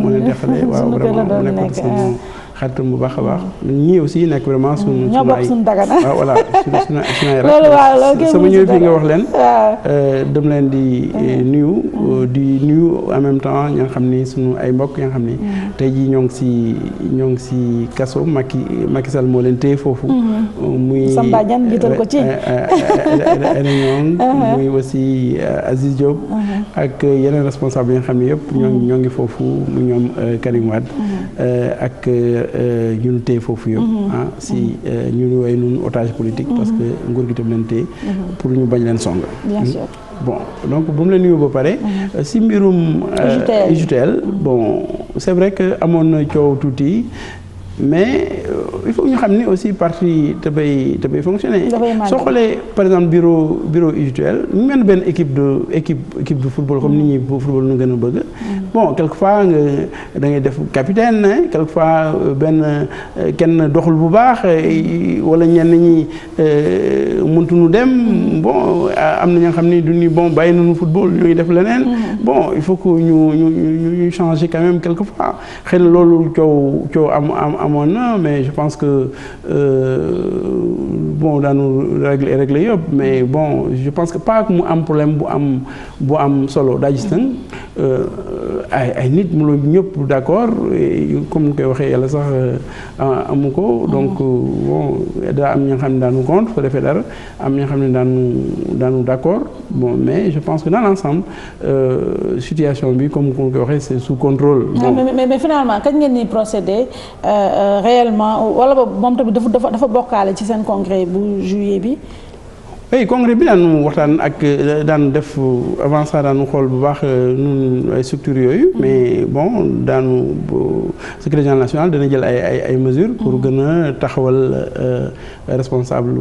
moo leen defalee waaw vraiment mu nekkoon sama. xaritam bu baax a baax ñii aussi nekk vraiment suñu. ñoo bokk suñu dagana waaw voilà suñu suñu suñu loolu waaw loolu sama ñëw fii nga wax leen. dam leen di nuyu. di nuyu en même temps ñi nga xam ni suñu ay mbokk yi nga xam ni. tey jii ñoo ngi si ñoo ngi si kaso Macky Macky Sall moo leen téye foofu. muy Samba Diagne jiital ko ci. muy aussi Aziz Diop. ak yeneen responsable yi nga xam ni yëpp. ñoo ngi ñoo ngi foofu mu ñoom Karim Wade. ak. Euh, ñu téye foofu yëpp mhm. ah, si euh, ñu nu way nun otage politique parce que mhm. nguur gi tam leen téye mhm. pour ñu bañ leen song hmm? bon donc bu mu la nuyoo ba pare euh, si mbirum UJTL bon c'est vrai que amoon na coow tuuti mais il faut ñu xam ni aussi parti dafay dafay fonctionner soo xoolee par exemple bureau bureau UJTL benn équipe de équipe équipe de football comme nit ñi football nu gën a bëgg bon quelquefois nga da ngay def capitaine quelquefois euh, benn euh, kenn doxul bu baax euh, wala ñenn ñi nu dem bon am na ñoo xam ne du ñu bon bàyyi nañu football ñu def leneen. Mm-hmm. bon il faut que ñu ñu ñu ñu changer quand même quelquefois xëy na loolu coow coow am am amoon na mais je pense que bon daanu régler régler yëpp mais bon je pense que pas que mu am problème bu am bu am solo daa ay ay nit mu loolu ñëpp d' accord comme ni koy waxee yàlla sax euh, amu ko donc euh, bon daa am ñi xam ne daanu contre ko defee dara am ñi xam ne daanu daanu d' accord bon mais je pense que dans l' ensemble euh, situation bi comme ni koy waxee c' est sous contrôle. Ah, bon mais mais finalement kañ ngeen di procéder réellement wala moom tamit dafa dafa bokkaale ci seen congrès bu juillet bi. oui congrès bi daan waxtaan ak euh, daan def euh, avant ça daanu xool bu baax euh, ñun ay structures yooyu. Mm-hmm. mais bon daanu secrétaire général national dana jël ay ay ay mesures. pour mm-hmm. gën a taxawal responsable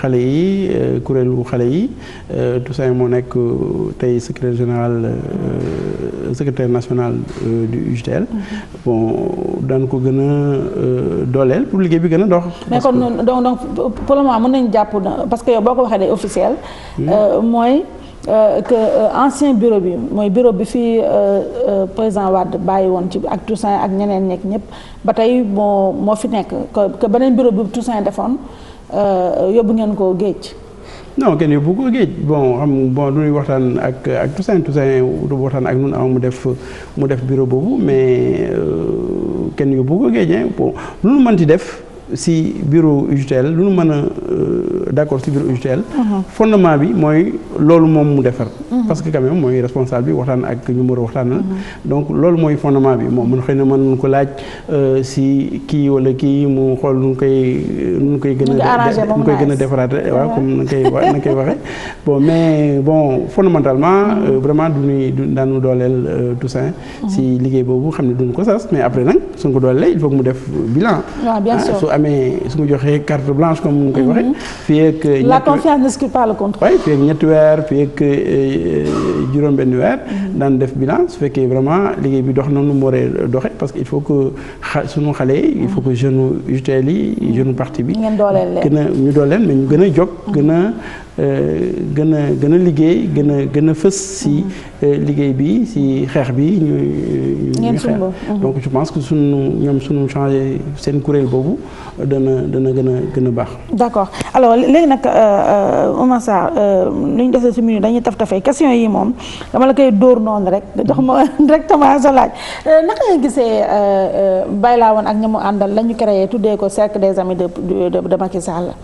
xale yi kuréelu xale yi tout ça moo nekk tey secrétaire général secrétaire national du UJTL. Mm-hmm. bon daan ko gën a dooleel pour liggéey bi gën a dox. mais kon donc donc pour le moment nañu jàpp parce que boo ko waxee day officiel euh, mooy euh, que euh, ancien bureau bi mooy bureau bi fi président Wade bàyyi woon ci ak Toussaint ak ñeneen nekk ñëpp ba tey moo moo fi nekk que beneen bureau bi Toussaint defoon yóbbu ngeen ko géej non kenn yóbbu ko géej bon xam bon du ak ak Toussaint Toussaint ak nun am mu def mu def bureau boobu mais lu nu mën def si bureau UJTL lu nu mën a euh, d'accord si bureau UJTL. Uh-huh. fondement bi mooy loolu moom mu defar. Uh-huh. parce que quand même mooy responsable bi waxtaan ak ñu mën a waxtaanal. Uh-huh. donc loolu mooy fondement bi moom mën xëy na mën ko laaj euh, si kii wala kii mu xool nu koy. nu koy gën a nu koy gën a defaraate waaw comme nu koy wa nu koy waxee. bon mais bon fondamentalement euh, vraiment du ñuy daanu dooleel Toussaint. si liggéey boobu xam ne duñu ko sas mais après nag suñ ko doolee il mu def bilan. waaw bien ah, amee su ma joxee carte blanche comme mu ngi koy waxee. Mhm. fii ak ñetti la juróom-benn weer. Euh, euh, mhm. daan def bilan su fekkee vraiment liggéey bi dox na nu mu waree parce que il faut que xa sunu xale yi. il faut que jeune UJTL yi mhm. jeune partie bi. ngeen dooleel gën a ñu dooleel mais gën a jóg gën a. Euh, gën a gën a liggéey gën a gën a fës si mhm. euh, liggéey bi si xeex bi ñu ñu xeex mhm. donc je pense que suñu ñoom suñu changé seen kuréel boobu dana dana gën a gën a baax d'accord alors léegi nag euh, Oumar Sarr li ñu desee si minute dañuy taf tafee question yi moom dama la koy dóor noonu rek jox ma directement sa laaj naka nga gisee Baylawon ak ñamu àndal la ñu créé tuddee ko cercle des amis de de Macky Sall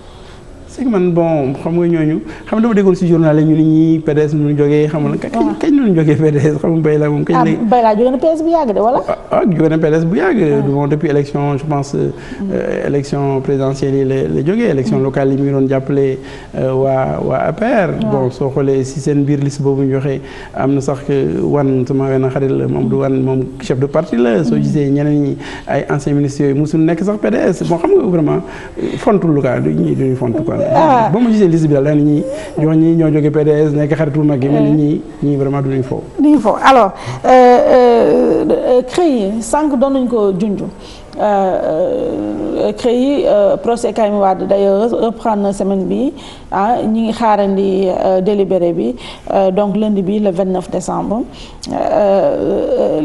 man bon xam ñooñu xam nga dama déggoon si journal yi ñu ne ñii PDS ñu jógee xam ah. xam nga Bayla moom. kañ la ah Bayla jógee na PS bu de wala. ah, ah jógee na PDS bu yàgg. bon ah. depuis élection je pense. Euh, mm. élection présidentielle yi la la jógee. élection mm. locale yi mu ngi doon jàppale euh, waa waa APR. bon soo xoolee si seen biir liste boobu ñu joxe am na sax wan sama wenn xarit la moom mm. du wan moom chef de parti la. soo gisee ñeneen ñi ay anciens ministres yooyu mosul nekk sax PDS bon xam nga vraiment fontu lu quoi du ñuy du ñuy fontu Ah. ba mu gisee liste bi daal daal ñi ñoo ñi ñoo jóge PDS nekk xaritu mag yi mel ni ñii ñii vraiment du du ñuy foofu Euh, euh, CREI yi sànq doon nañu ko junj euh, CREI yi procès Karim Wade d'ailleurs reprendre na semaine bi ah ñi ngi xaarandi délibéré bi donc lundi bi le 29 décembre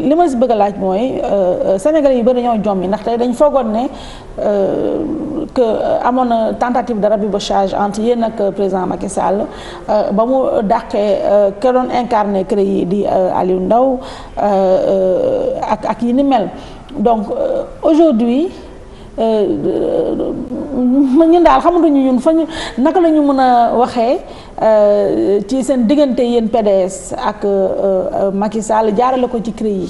li ma si bëgg a laaj mooy Sénégalais yi bëri dañoo jommi ndax tey dañ foogoon ne que amoon na tentative ba rabibochage entre yéen nag président Macky Sall ba mu dàqee ke doon incarné CREI yi di Aliou Ndao Euh, ak ak yi ni mel donc euh, aujourd'hui euh, ñun daal xamantuñu ñun fa ñu naka lañu mën a waxee ci seen diggante yéen PDS ak Macky Sall jaarale ko ci CREI yi.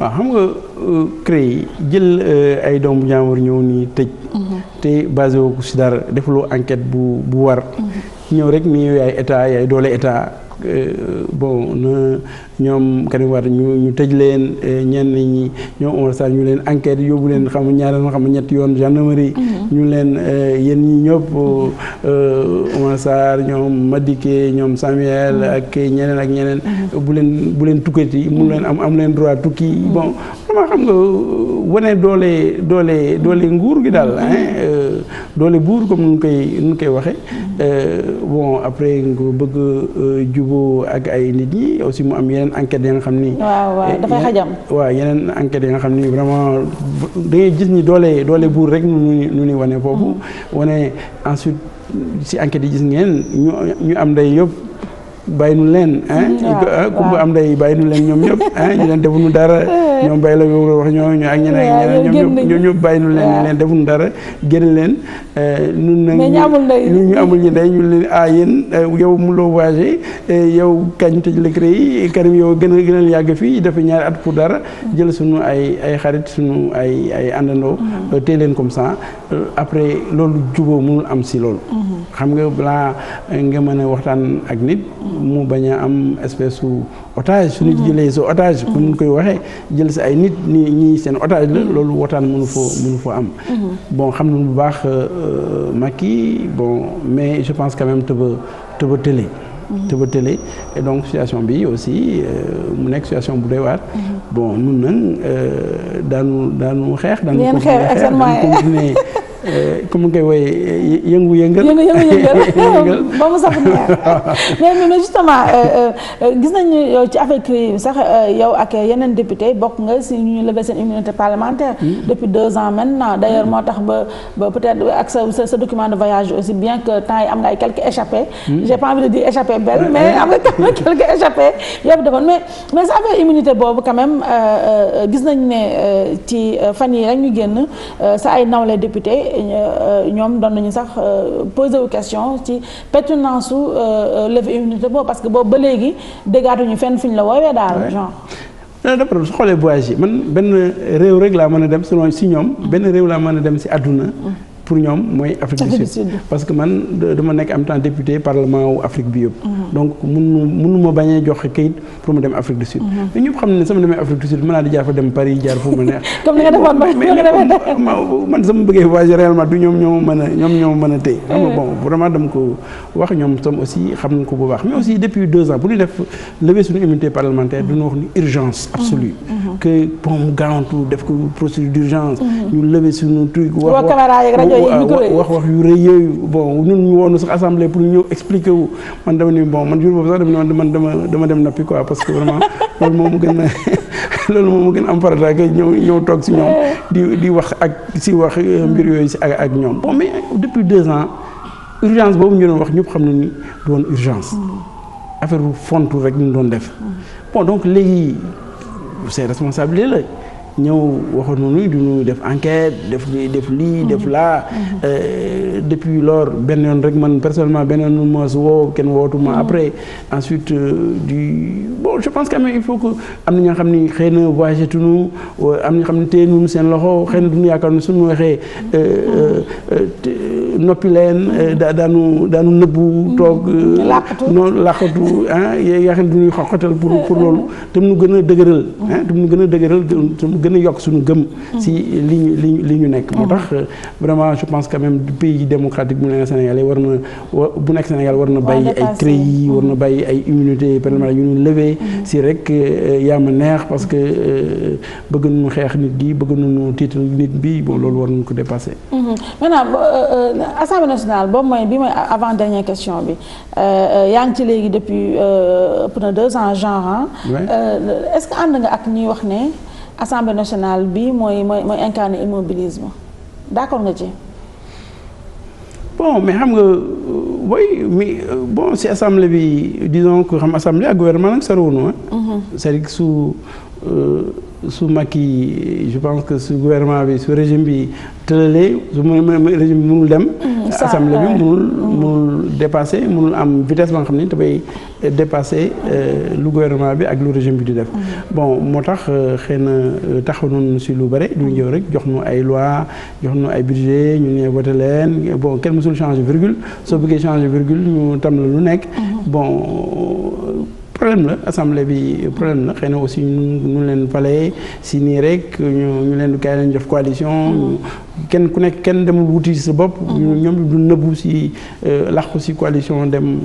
waa xam nga CREI yi jël ay doomu jàmbur ñëw nii tëj. Mhm. te basé wu si dara defuloo enquête bu bu war. Mhm. ñëw rek ni yaay état yaay doole état. Euh, bon na ñoom Karim Wade ñu ñu tëj leen euh, ñenn ñi ñoom Omar Sarr ñu leen enquête yóbbu leen xam ñaar xam ñetti yoon gendarmerie. Mm-hmm. ñu leen euh, yéen ñi ñëpp Omar Sarr ñoom Madické ñoom Samuel mm-hmm. ak ñeneen ak ñeneen. Mm-hmm. bu leen bu leen tukkati mu leen am am leen droit tukki bon. vraiment xam nga wane doole doole doole nguur gi daal euh, doole buur comme nu koy nu koy waxee euh, bon après nga bëgg euh, jubo ak ay nit ñi aussi mu am yeneen enquêtes ya nga xam ni. waaw waaw eh, dafay xajam. waaw yeneen enquêtes ya nga xam ni vraiment da ngay gis ni doole doole buur rek nu nu ñuy wane foofu mm-hmm. wane ensuite si enquêtes yi gis ngeen ñu am day yëpp. bàyyi nu leen ah mm, kumba am day bàyyi nu leen ñoom ñëpp ah ñu leen defuñu dara eh. ñoom bàyyi la wóor wax ñoo ñu ak ñeneen ñeneen ñoom ñëpp bàyyi nu leen ñu leen defuñu dara génn leen nun eh, nag ñu ñu amul ñi day ñu leen ah yéen eh, yow mu loo voyagé yow kañ tëj la CREI Karim yow gën a gën a yàgg fii dafa ñaari at pour dara mm. jël suñu ay ay xarit suñu ay ay àndandoo mm. tey leen comme ça après loolu juboo mënul am si loolu mm-hmm. xam nga balaa nga mën a waxtaan ak nit mu bañ a am espèce su otage suñu jëlee sa otage mm-hmm. comme ñu koy waxee jël si ay nit ni ñii seen otage la mm-hmm. loolu wotaan munu foo munu foo am mm-hmm. bon xam nañu bu baax euh, euh, Macky bon mais je pense quand même te ba te tële te tële et donc situation bi aussi euh, mu nekk situation bu doy waat bon nun nag daanu daanu xeex daanu continuer ku mu koy wooye yëngu yëngal yëngu yëngal ba mu saf mais mais justement gis nañu yow ci affaire CREI sax yow ak yeneen député bokk nga si ñu lever seen immunité parlementaire mm. depuis deux ans maintenant d'ailleurs moo tax ba ba peut-être ak sa sa document de voyage aussi bien que temps yi am nga ay quelques échappés mm. j'ai pas envie de échappé belle mais am nga quelques échappés yow defoon mais mais sa affaire immunité boobu quand euh, euh, gis nañ ne euh, ci fan yi rek ñu génn sa ay nawle député Euh, ñoom doon nañu sax euh, posé wu question ci pertinence su euh, levée immunité boobu parce que boobu ba léegi déggaatuñu fenn fi la woowee daal genre. non d' accord su xoolee voyage yi man benn réew rek laa mën a dem sinon si ñoom benn réew laa mën a dem si àdduna. Mm. pour ñoom mooy Afrique du Sud parce que man dama nekk am temps député parlement Afrique bi yëpp mhm. donc munu munu ma bañee joxe kayit pour mu dem Afrique du Sud mais mhm. xam ne sama demee Afrique du Sud mën naa di jaar fa dem Paris jaar fu ma neex comme ba sama bëggee voyager réellement du ñoom ñoo mën a ñoom ñoo mën a téye eh. xam nga bon vraiment dama ko wax ñoom tam aussi xam nañ ko bu baax mais aussi depuis deux ans bu ñu def lever suñu immunité parlementaire duñu wax ni wax wax yu rëy yooyu bon ñun ñu woonu sax assemblée pour ñu ñëw expliquer wu man dama ni bon man jour boobu sax dama ne man dama dama dem nappi quoi parce que vraiment loolu moom mu gën a loolu moom gën am farata que ñëw ñëw toog si ñoom eh. di di wax ak si wax eh, hmm. mbir yooyu si ak ak ñoom bon mais depuis deux ans boobu ñu doon wax ñëpp xam ne ni doon urgence hmm. affaire bu fontu rek ñu doon def hmm. bon donc léegi c'est responsabilité la ñëw waxoon nu du ñu def enquête def lii def lii mm-hmm. def laa mm-hmm. euh, depuis lors benn yoon rek man personnellement beneen yoon ma su woo kenn wootuma mm-hmm. après ensuite euh, du bon je pense que il faut que am na ñoo xam ni xëy na voyagé tunu euh, am na xam ne téye nu seen loxo xëy na du ñu yaakaar ne suñu waxee noppi leen euh, da daanu daanu nëbbu toog mm. euh, noonu làqatu ah yaa xam duñuy xoqatal pour pour loolu mm. te nu gën a dëgëral ah mm. nu gën a dëgëral mu nu gën a yokk suñu gëm si li ñu li li ñu nekk moo tax euh, vraiment je pense quand même pays démocratique bu nekk Sénégal war na bu nekk Sénégal war na bàyyi ay CREI war na bàyyi ay immunité parlementaire yu ñu levé si rek yaa ma neex parce que bëgg nañu xeex nit gi bëgg nu tiital nit bi loolu war nañu ko dépasser mm-hmm. maanaam assemblée nationale boobu mooy bi mooy avant dernière question bi euh, euh, yaa ngi ci léegi depuis euh, pour na deux ans genre est ce que ànd nga ak ñuy wax ne assemblée nationale bi mooy mooy mooy incarne immobilisme d' accord nga ci. bon mais xam nga oui mais bon si assemblée bi di que xam assemblée ak gouvernement nag soriwul ah. Mm-hmm. c'est-à-dire su. su Macky je pense que su gouvernement bi su régime bi tëlalee su régime bi mënul dem. Mm, assemblée bi mu mm. mënul dépasser mënul am vitesse ba nga xam ne dafay euh, dépasser euh, lu gouvernement bi ak lu bi di def. Mm. bon moo tax euh, xëy na taxaw nañu si lu bare ñu ñëw rek jox ñu ay loi jox nu ay budget ñu ne voté leen bon kenn mësul changer virgule soo bëggee changer virgule ñu tam la lu nekk mm-hmm. bon. problème la assemblée bi problème la xëy na aussi nu leen fale si nii rek ñu ñu leen du kaay leen def coalition mm-hmm. kenn ku nekk kenn demul wuti si bopp mm-hmm. ñoom du nëbbu si euh, làqu si coalition dem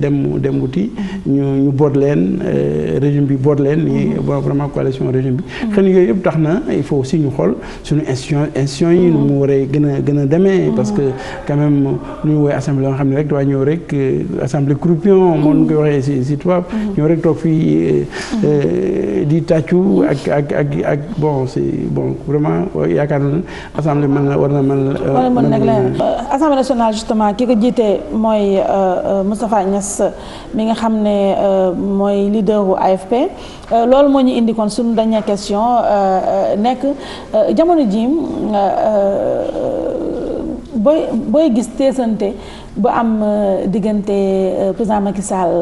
dem dem wuti mm-hmm. ñu ñu boot leen euh, régime bi boot leen ni vraiment coalition régime bi xëy yooyu yëpp tax na il faut aussi ñu xool suñu institution institution yi nu mu waree gën a gën a demee parce que quand nu ñu woowee assemblée nga xam ne rek dawaa ñëw rek euh, assemblée croupion moo ñu koy waxee si si ñoo rek toog fii eh, eh, di tàccu ak ak ak ak bon c' bon vraiment yaakaar na assemblée mën na war na man la. Euh, mën na assemblée nationale justement ki ko jiite mooy euh, euh, Moustapha Niass mi nga xam ne mooy leader AFP loolu moo ñu indi kon suñu dernière question nekk jamono jii booy booy gis teesante bu am diggante président Macky Sall.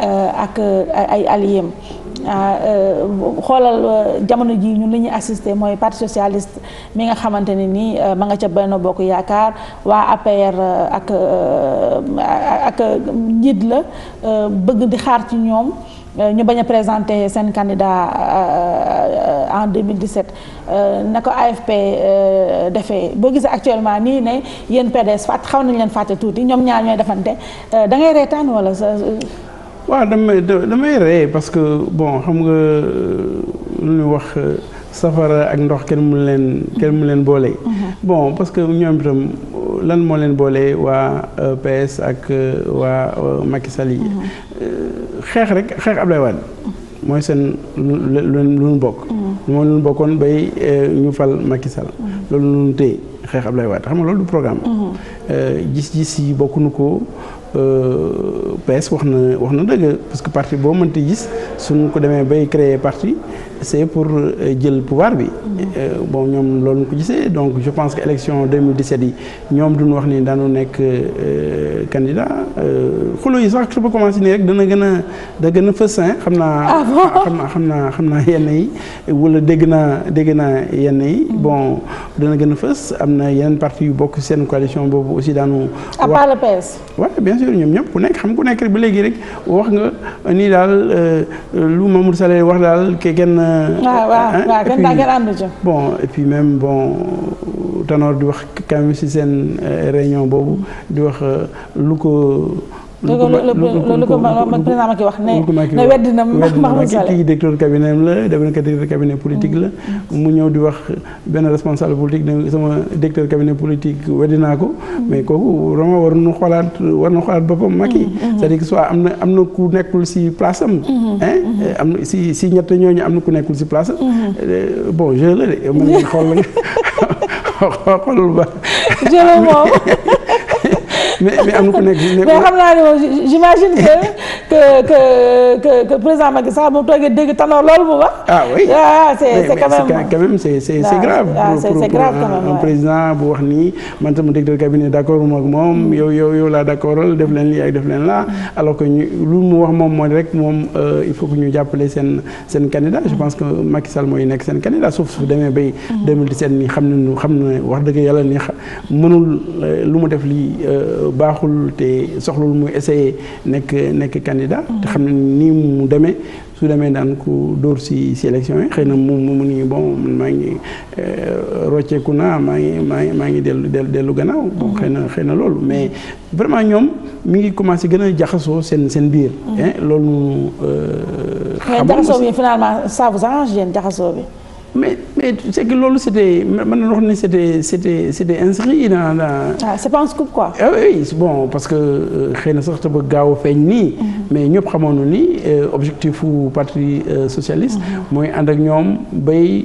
Euh, ak euh, ay alliés am ah, euh, xoolal jamono ji ñu li ñuy assister mooy parti socialiste mi nga xamante ne nii ma nga ca Benno Bokk Yaakaar waa APR ak ak njiit la bëgg di xaar ci ñoom ñu bañ a présenter seen candidat en deux 2017 na ko AFP defee boo gisee actuellement nii ne yéen PDS fàtt xaw nañ leen fàtte tuuti ñoom ñaar ñooy defante da reetaan wala waaw damay damay ree parce que bon xam nga euh, lu ñuy wax euh, safara ak ndox kenn mu leen kenn mu leen boole. Uh-huh. bon parce que ñoom itam lan moo leen boole waa euh, PS ak waa Macky Sall yi. Uh-huh. xeex rek xeex Abdoulaye Wade. Uh-huh. mooy seen lu lu ñu bokk. mooy lu ñu bokkoon bay ñu fal Macky Sall. loolu lu ñu téye xeex Abdoulaye Wade xam nga loolu du programme. gis-gis yi bokkuñu ko. Euh, PS wax na wax na dëgg parce que partie boo mënti gis nu ko demee bay créer parti c'est pour euh, jël pouvoir bi. Euh, bon ñoom loolu ko gisee donc je pense que élection 2017 yi ñoom duñu wax nii daanu nekk euh, candidat xuloo yi sax su ko commencé nii rek dana gën a da gën a xam naa. Ah xam naa xam naa xam naa yenn yi wala dégg naa dégg naa yenn yi mm-hmm. bon dana gën a fës am na yeneen parti yu bokk seen coalition boobu aussi daanu. à part le PS. bien sûr ñoom ñëpp ku nekk xam ku nekk ba léegi rek wax nga ni daal lu Mamour Salé wax daal ke Euh, ah, waaw ah, bon et puis même bon Tanor di wax quand ci seen euh, réunion boobu di wax euh, lu ko. lu ko lu ko président Macky wax ne. ne weddi na Mahmoud Saleh kii directeur cabinet la def na ko di cabinet mm. politique la. Mm. mu ñëw di wax benn responsable politique ne sama directeur cabinet politique weddi naa ko. Mm. mais kooku vraiment war na xoolaat war na xoolaat boppam Macky. cest à que soit am na am na ku nekkul si place am. Eh, am na si si ñett ñooñu am na ku nekkul si place am. Eh, bon jeu la de mën nañu xool xoolul ba. jeu la moom. mais mais am na ku nekk mais xam naa ne moom j'imagine que que que que président Macky Sall moom toogee dégg tanoor loolu bu baax. ah oui ah c'est c'est quand même quand même c'est c'est c'est grave. c'est grave quand même un président bu wax nii man sama directeur cabinet d'accord moom ak moom mm. yow yow yow laa d'accordal def leen lii ak def leen laa mm. alors que ñu lu mu wax moom mooy rek moom euh, il faut que ñu jàppale seen seen candidat je mm. pense que Macky Sall mooy nekk seen candidat sauf su demee bay 2017 nii xam nañu xam na wax dëgg yàlla ni mënul euh, lu mu def lii. Euh, baaxul te soxlul muy essayer nekk nekk candidat mm-hmm. te xam ne nii mu demee su demee daan ku dóor si si élection yi xëy na mu mu nii bon maa ngi euh, rocceeku naa maa ngi maa ngi maa ngi dellu dellu gannaaw mm-hmm. xëy na xëy na loolu mais vraiment ñoom mi ngi commencé gën a jaxasoo seen seen biir mm-hmm. eh, loolu euh, xam nga jaxasoo bi finalement ça vous arrange yéen jaxasoo bi mais c'est que loolu c'était man wax ni c'était c'était c'était inscrit dans dans. ah c'est pas un scoop ah bon parce que euh, xëy na sax te ba gaaw a feeñ nii. Mm-hmm. mais ñëpp xamoon na ni euh, objectif fu parti euh, socialiste. Mm-hmm. mooy ànd ak ñoom bay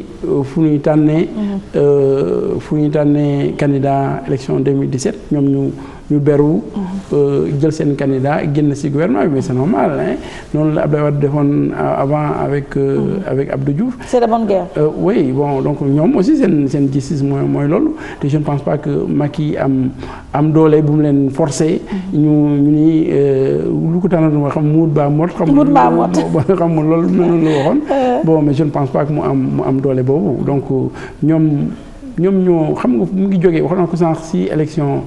fu ñuy tànnee. Mm-hmm. fu ñuy tànnee candidat élection 2017 ñoom ñu. ñu beru jël seen candidat génn si gouvernement bi mais c'est normal noonu la Abdoulaye Wade defoon avant avec euh, avec Abdou c'est la bonne guerre. Euh, bon donc ñoom aussi seen seen gis-gis mooy mooy loolu te je ne pense pas am doole bu mu leen forcé mm-hmm. ñu ñu ni euh, lu ko tànn ma xam muut baa mot xam xam loolu noonu la waxoon euh. bon mais je ne pense pas que mu am mu am doole boobu donc ñoom ñoom ñoo xam nga mu ngi jógee wax na ko sànq si élection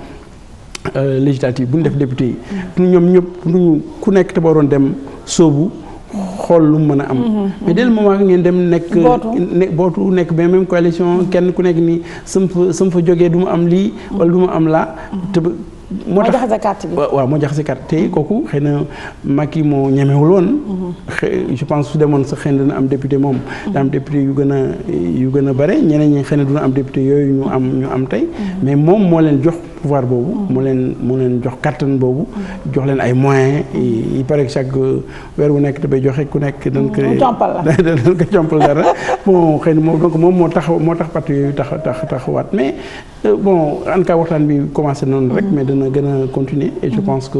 euh, législative bu ñu def député yi mm-hmm. ñoom ñëpp ñu ku nekk te waroon dem soobu xool lu mu mën a am. Mm-hmm. mais dès le moment ngeen dem nekk. bootu bootu nekk ba même coalition mm-hmm. kenn ku nekk nii sëm fa sëm fa jógee du mu am lii. Mm-hmm. wala du mu am laa. te moo tax jaxase waaw moo jaxase carte tey kooku xëy na mag yi moo ñemewul woon. je pense su demoon sax xëy na dina am député moom. daam am député yu gën a yu gën a bare ñeneen ñi xëy na dina am député yooyu ñu am ñu am tey. mais moom moo leen jox. pouvoir boobu mu leen mu leen jox kattan boobu jox leen ay moyens yi pare chaque weer wu nekk dafay joxee ku nekk dañ ko dañ ko compal dara bon xëy na moo donc moom moo tax moo tax parti yooyu tax tax taxawaat mais euh, bon en tout cas waxtaan bi commencé noonu rek mais dana gën a continuer et je pense que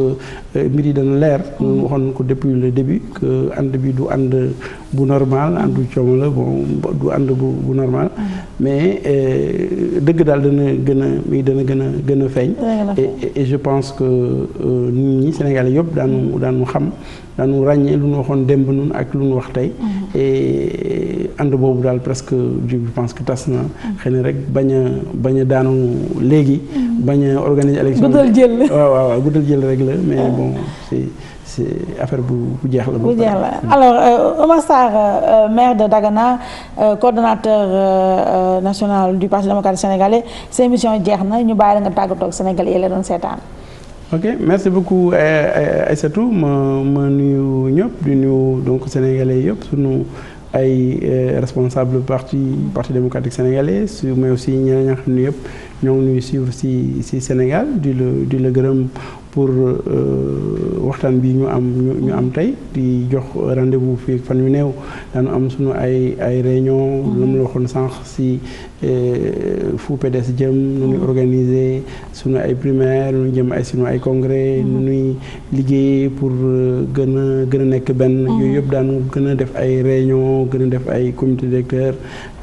euh, mbir yi dana leer ñun waxoon ko depuis le début que ànd bi du and bu normal àndu coomo la bon du ànd bu bu normal mm. mais euh, dëgg daal dana gën a dana gën a bëgg a feeñ et je pense que nit euh, ñi Sénégalais yëpp daanu mm-hmm. daanu xam daanu ràññee lu ñu waxoon démb noonu ak lu ñu wax tey mm-hmm. et ànd boobu daal presque je pense que tas na mm-hmm. xëy rek bañ a bañ a daanu léegi bañ organiser élection guddal waaw waaw guddal jël rek la mais bon c'est affaire bu bu jeex la. bu jeex la hmm. alors euh, Omar Sarr euh, euh, maire de Dagana coordonnateur national du parti démocratique sénégalais sa émission jeex na ñu bàyyi la nga tàggatoo ak sénégalais yi la doon seetaan. ok merci beaucoup Aïssatou ma nuyu ñëpp di nuyu donc sénégalais yëpp sunu. ay responsable parti parti démocratique sénégalais su mais aussi ñeneen ñi nga xam ne yëpp ñoo ngi ci Sénégal di la gërëm pour euh, waxtaan bi ñu am ñu am tey di jox rendez bu fii fan yu néew daanu am suñu ay ay réunion lu mu la waxoon sànq si fu PDS jëm nu ñuy mhm. organiser sunu ay primaire nu jëm ay sunu ay congrès mhm. nu ñuy liggéey pour euh, gën a gën a nekk benn mhm. yooyu yëpp daanu gën a def ay réunion gën a def ay comité directeur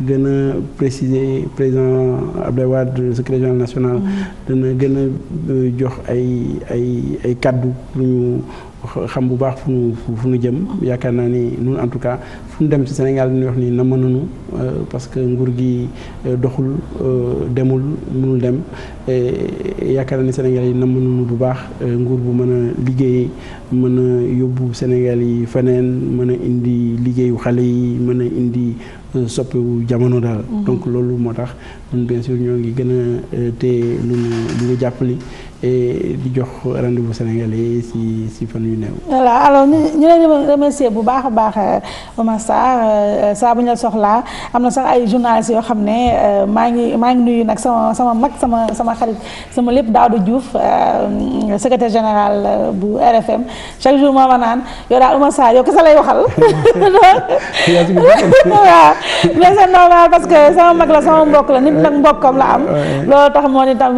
gën a préciser président Abdoulaye Wade secrétaire général national dana gën a euh, jox ay ay ay kaddu pour ñu xam bu baax fu nu fu nu jëm yaakaar naa ni nun en tout cas fu nu dem ci Sénégal dañuy wax nii na mënuñu euh, parce que nguur gi euh, doxul euh, demul mënul dem yaakaar naa ni Sénégal yi na mënuñu bu baax nguur bu mën a liggéey mën a yóbbu Sénégal yi feneen mën a indi liggéeyu xale yi mën a indi soppewu jamono daal mm-hmm. donc loolu moo tax ñun bien sûr ñoo ngi gën téye lu ñu jàppali et di jox rendez-vous sénégalais si si fan yu néew. voilà alors ñu leen remercier bu baax a baax euh, Omar Sarr euh, saa bu ñu la soxlaa am na sax ay journalistes yoo xam ne euh, maa ngi maa ngi nuyu nag sama sama mag sama sama xarit sama lépp Daouda Diouf secrétaire général bu RFM chaque jour moo ma naan yow daal Omar Sarr yow kese lay waxal. waaw mais c'est normal parce sama mag la sama mbokk la nit nag mbokkam la am. loolu tax moo ni tam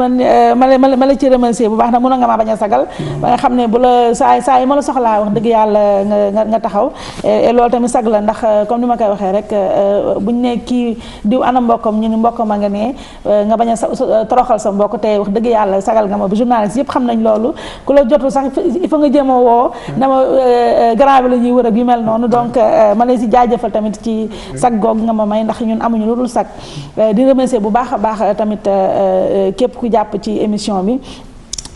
ma la ma la ci remercier remercier bu baax nag mun nga maa bañ a sagal hmm. ba nga xam ne bu la saa saa yi ma la soxlaa wax dëgg yàlla nga nga taxaw et loolu tamit sag la ndax euh, comme ni ma koy waxee rek euh, buñ ne kii diw ana mbokkam ñu ni a nga ne euh, nga bañ a toroxal sa mbokk te wax dëgg yàlla sagal nga ma bu journaliste yëpp xam nañ loolu ku la jotul sax il nga jéem a woo dama hmm. grand bi la ñuy wër ak yu mel noonu hmm. donc ma lay si jaajëfal tamit ci sag goog nga ma may ndax ñun amuñu lu dul sag di remercier bu baax a baax tamit képp ku jàpp ci émission bi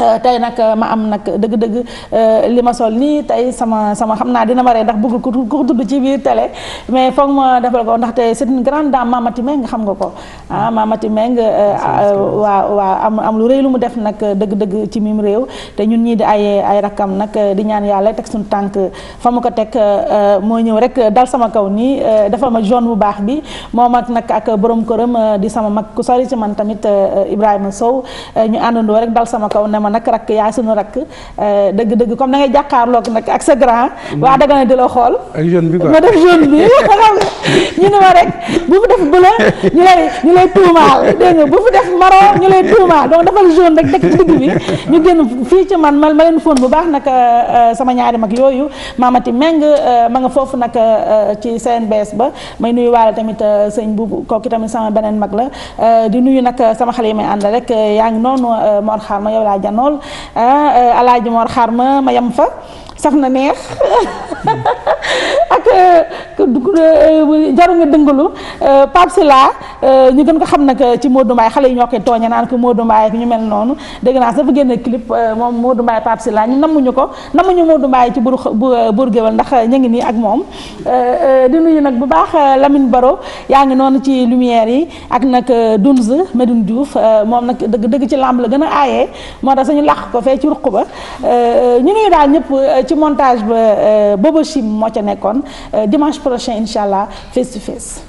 Euh, tey nag euh, ma am nag dëgg-dëgg euh, li ma sol nii tey sama sama xam naa dina ma ree ndax bëggul ku ko tudd ci biir tele mais foog ma defal ko ndaxte c'est une grande dame Mamati Meng xam nga ko ah Mamati Meng waa waa am am lu rëy lu mu def nag dëgg-dëgg ci mim réew te ñun ñii di ay ay rakkam nag di ñaan yàlla teg suñu tànk fa mu ko teg moo ñëw rek dal sama kaw nii defal ma jaune bu baax bi moom ak nag ak boroom këram di sama mag ku sori ci man tamit Ibrahima Sow ñu àndandoo kaw ma nag rakk yaay sunu rakk euh, dëgg-dëgg comme da ngay jàkkaarloog nag ak sa grand. waa daga na di la xool. ak bi quoi ma def jeune bi xam nga ñu ne ma rek bu fi def bleu ñu lay ñu lay tuumaal dégg nga bu fi def marron rek dëkk digg bi ñu génn fii ci man ma ma leen fóon bu baax nag euh, euh, sama ñaari mag yooyu maamati meng ma nga foofu nag ci CNBS ba may nuyu waale tamit sëñ bu kooku tamit sama beneen mag la di nuyu nag sama xale yi may ànd rek yaa ngi noonu Mor ma yow laa lool ah alaaji Mor xaar ma ma yem fa saf na neex ak euh, jaru nga dëngalu euh, Pape Sylla euh, ñu gën ko xam nag ci Modou Mbaye xale yi ñoo koy tooñe naan ko Modou Mbaye ak ñu mel noonu dégg naa dafa génn clip moom Modou Mbaye Pape Sylla ñu nammuñu ko nammuñu Modou Mbaye ci bur buur géwél ndax ñu ngi nii ak moom di nuyu nag bu baax Lamine Baro yaa ngi noonu ci lumière yi ak nag Dunz Medoune Diouf moom nag dëgg dëgg ci làmb la gën a aayee moo tax sañu làq ko fee ci ruq ba ñu nuyu daal ñëpp ci montage ba euh, Bobo moo ca nekkoon euh, dimanche prochain incha allah face to face.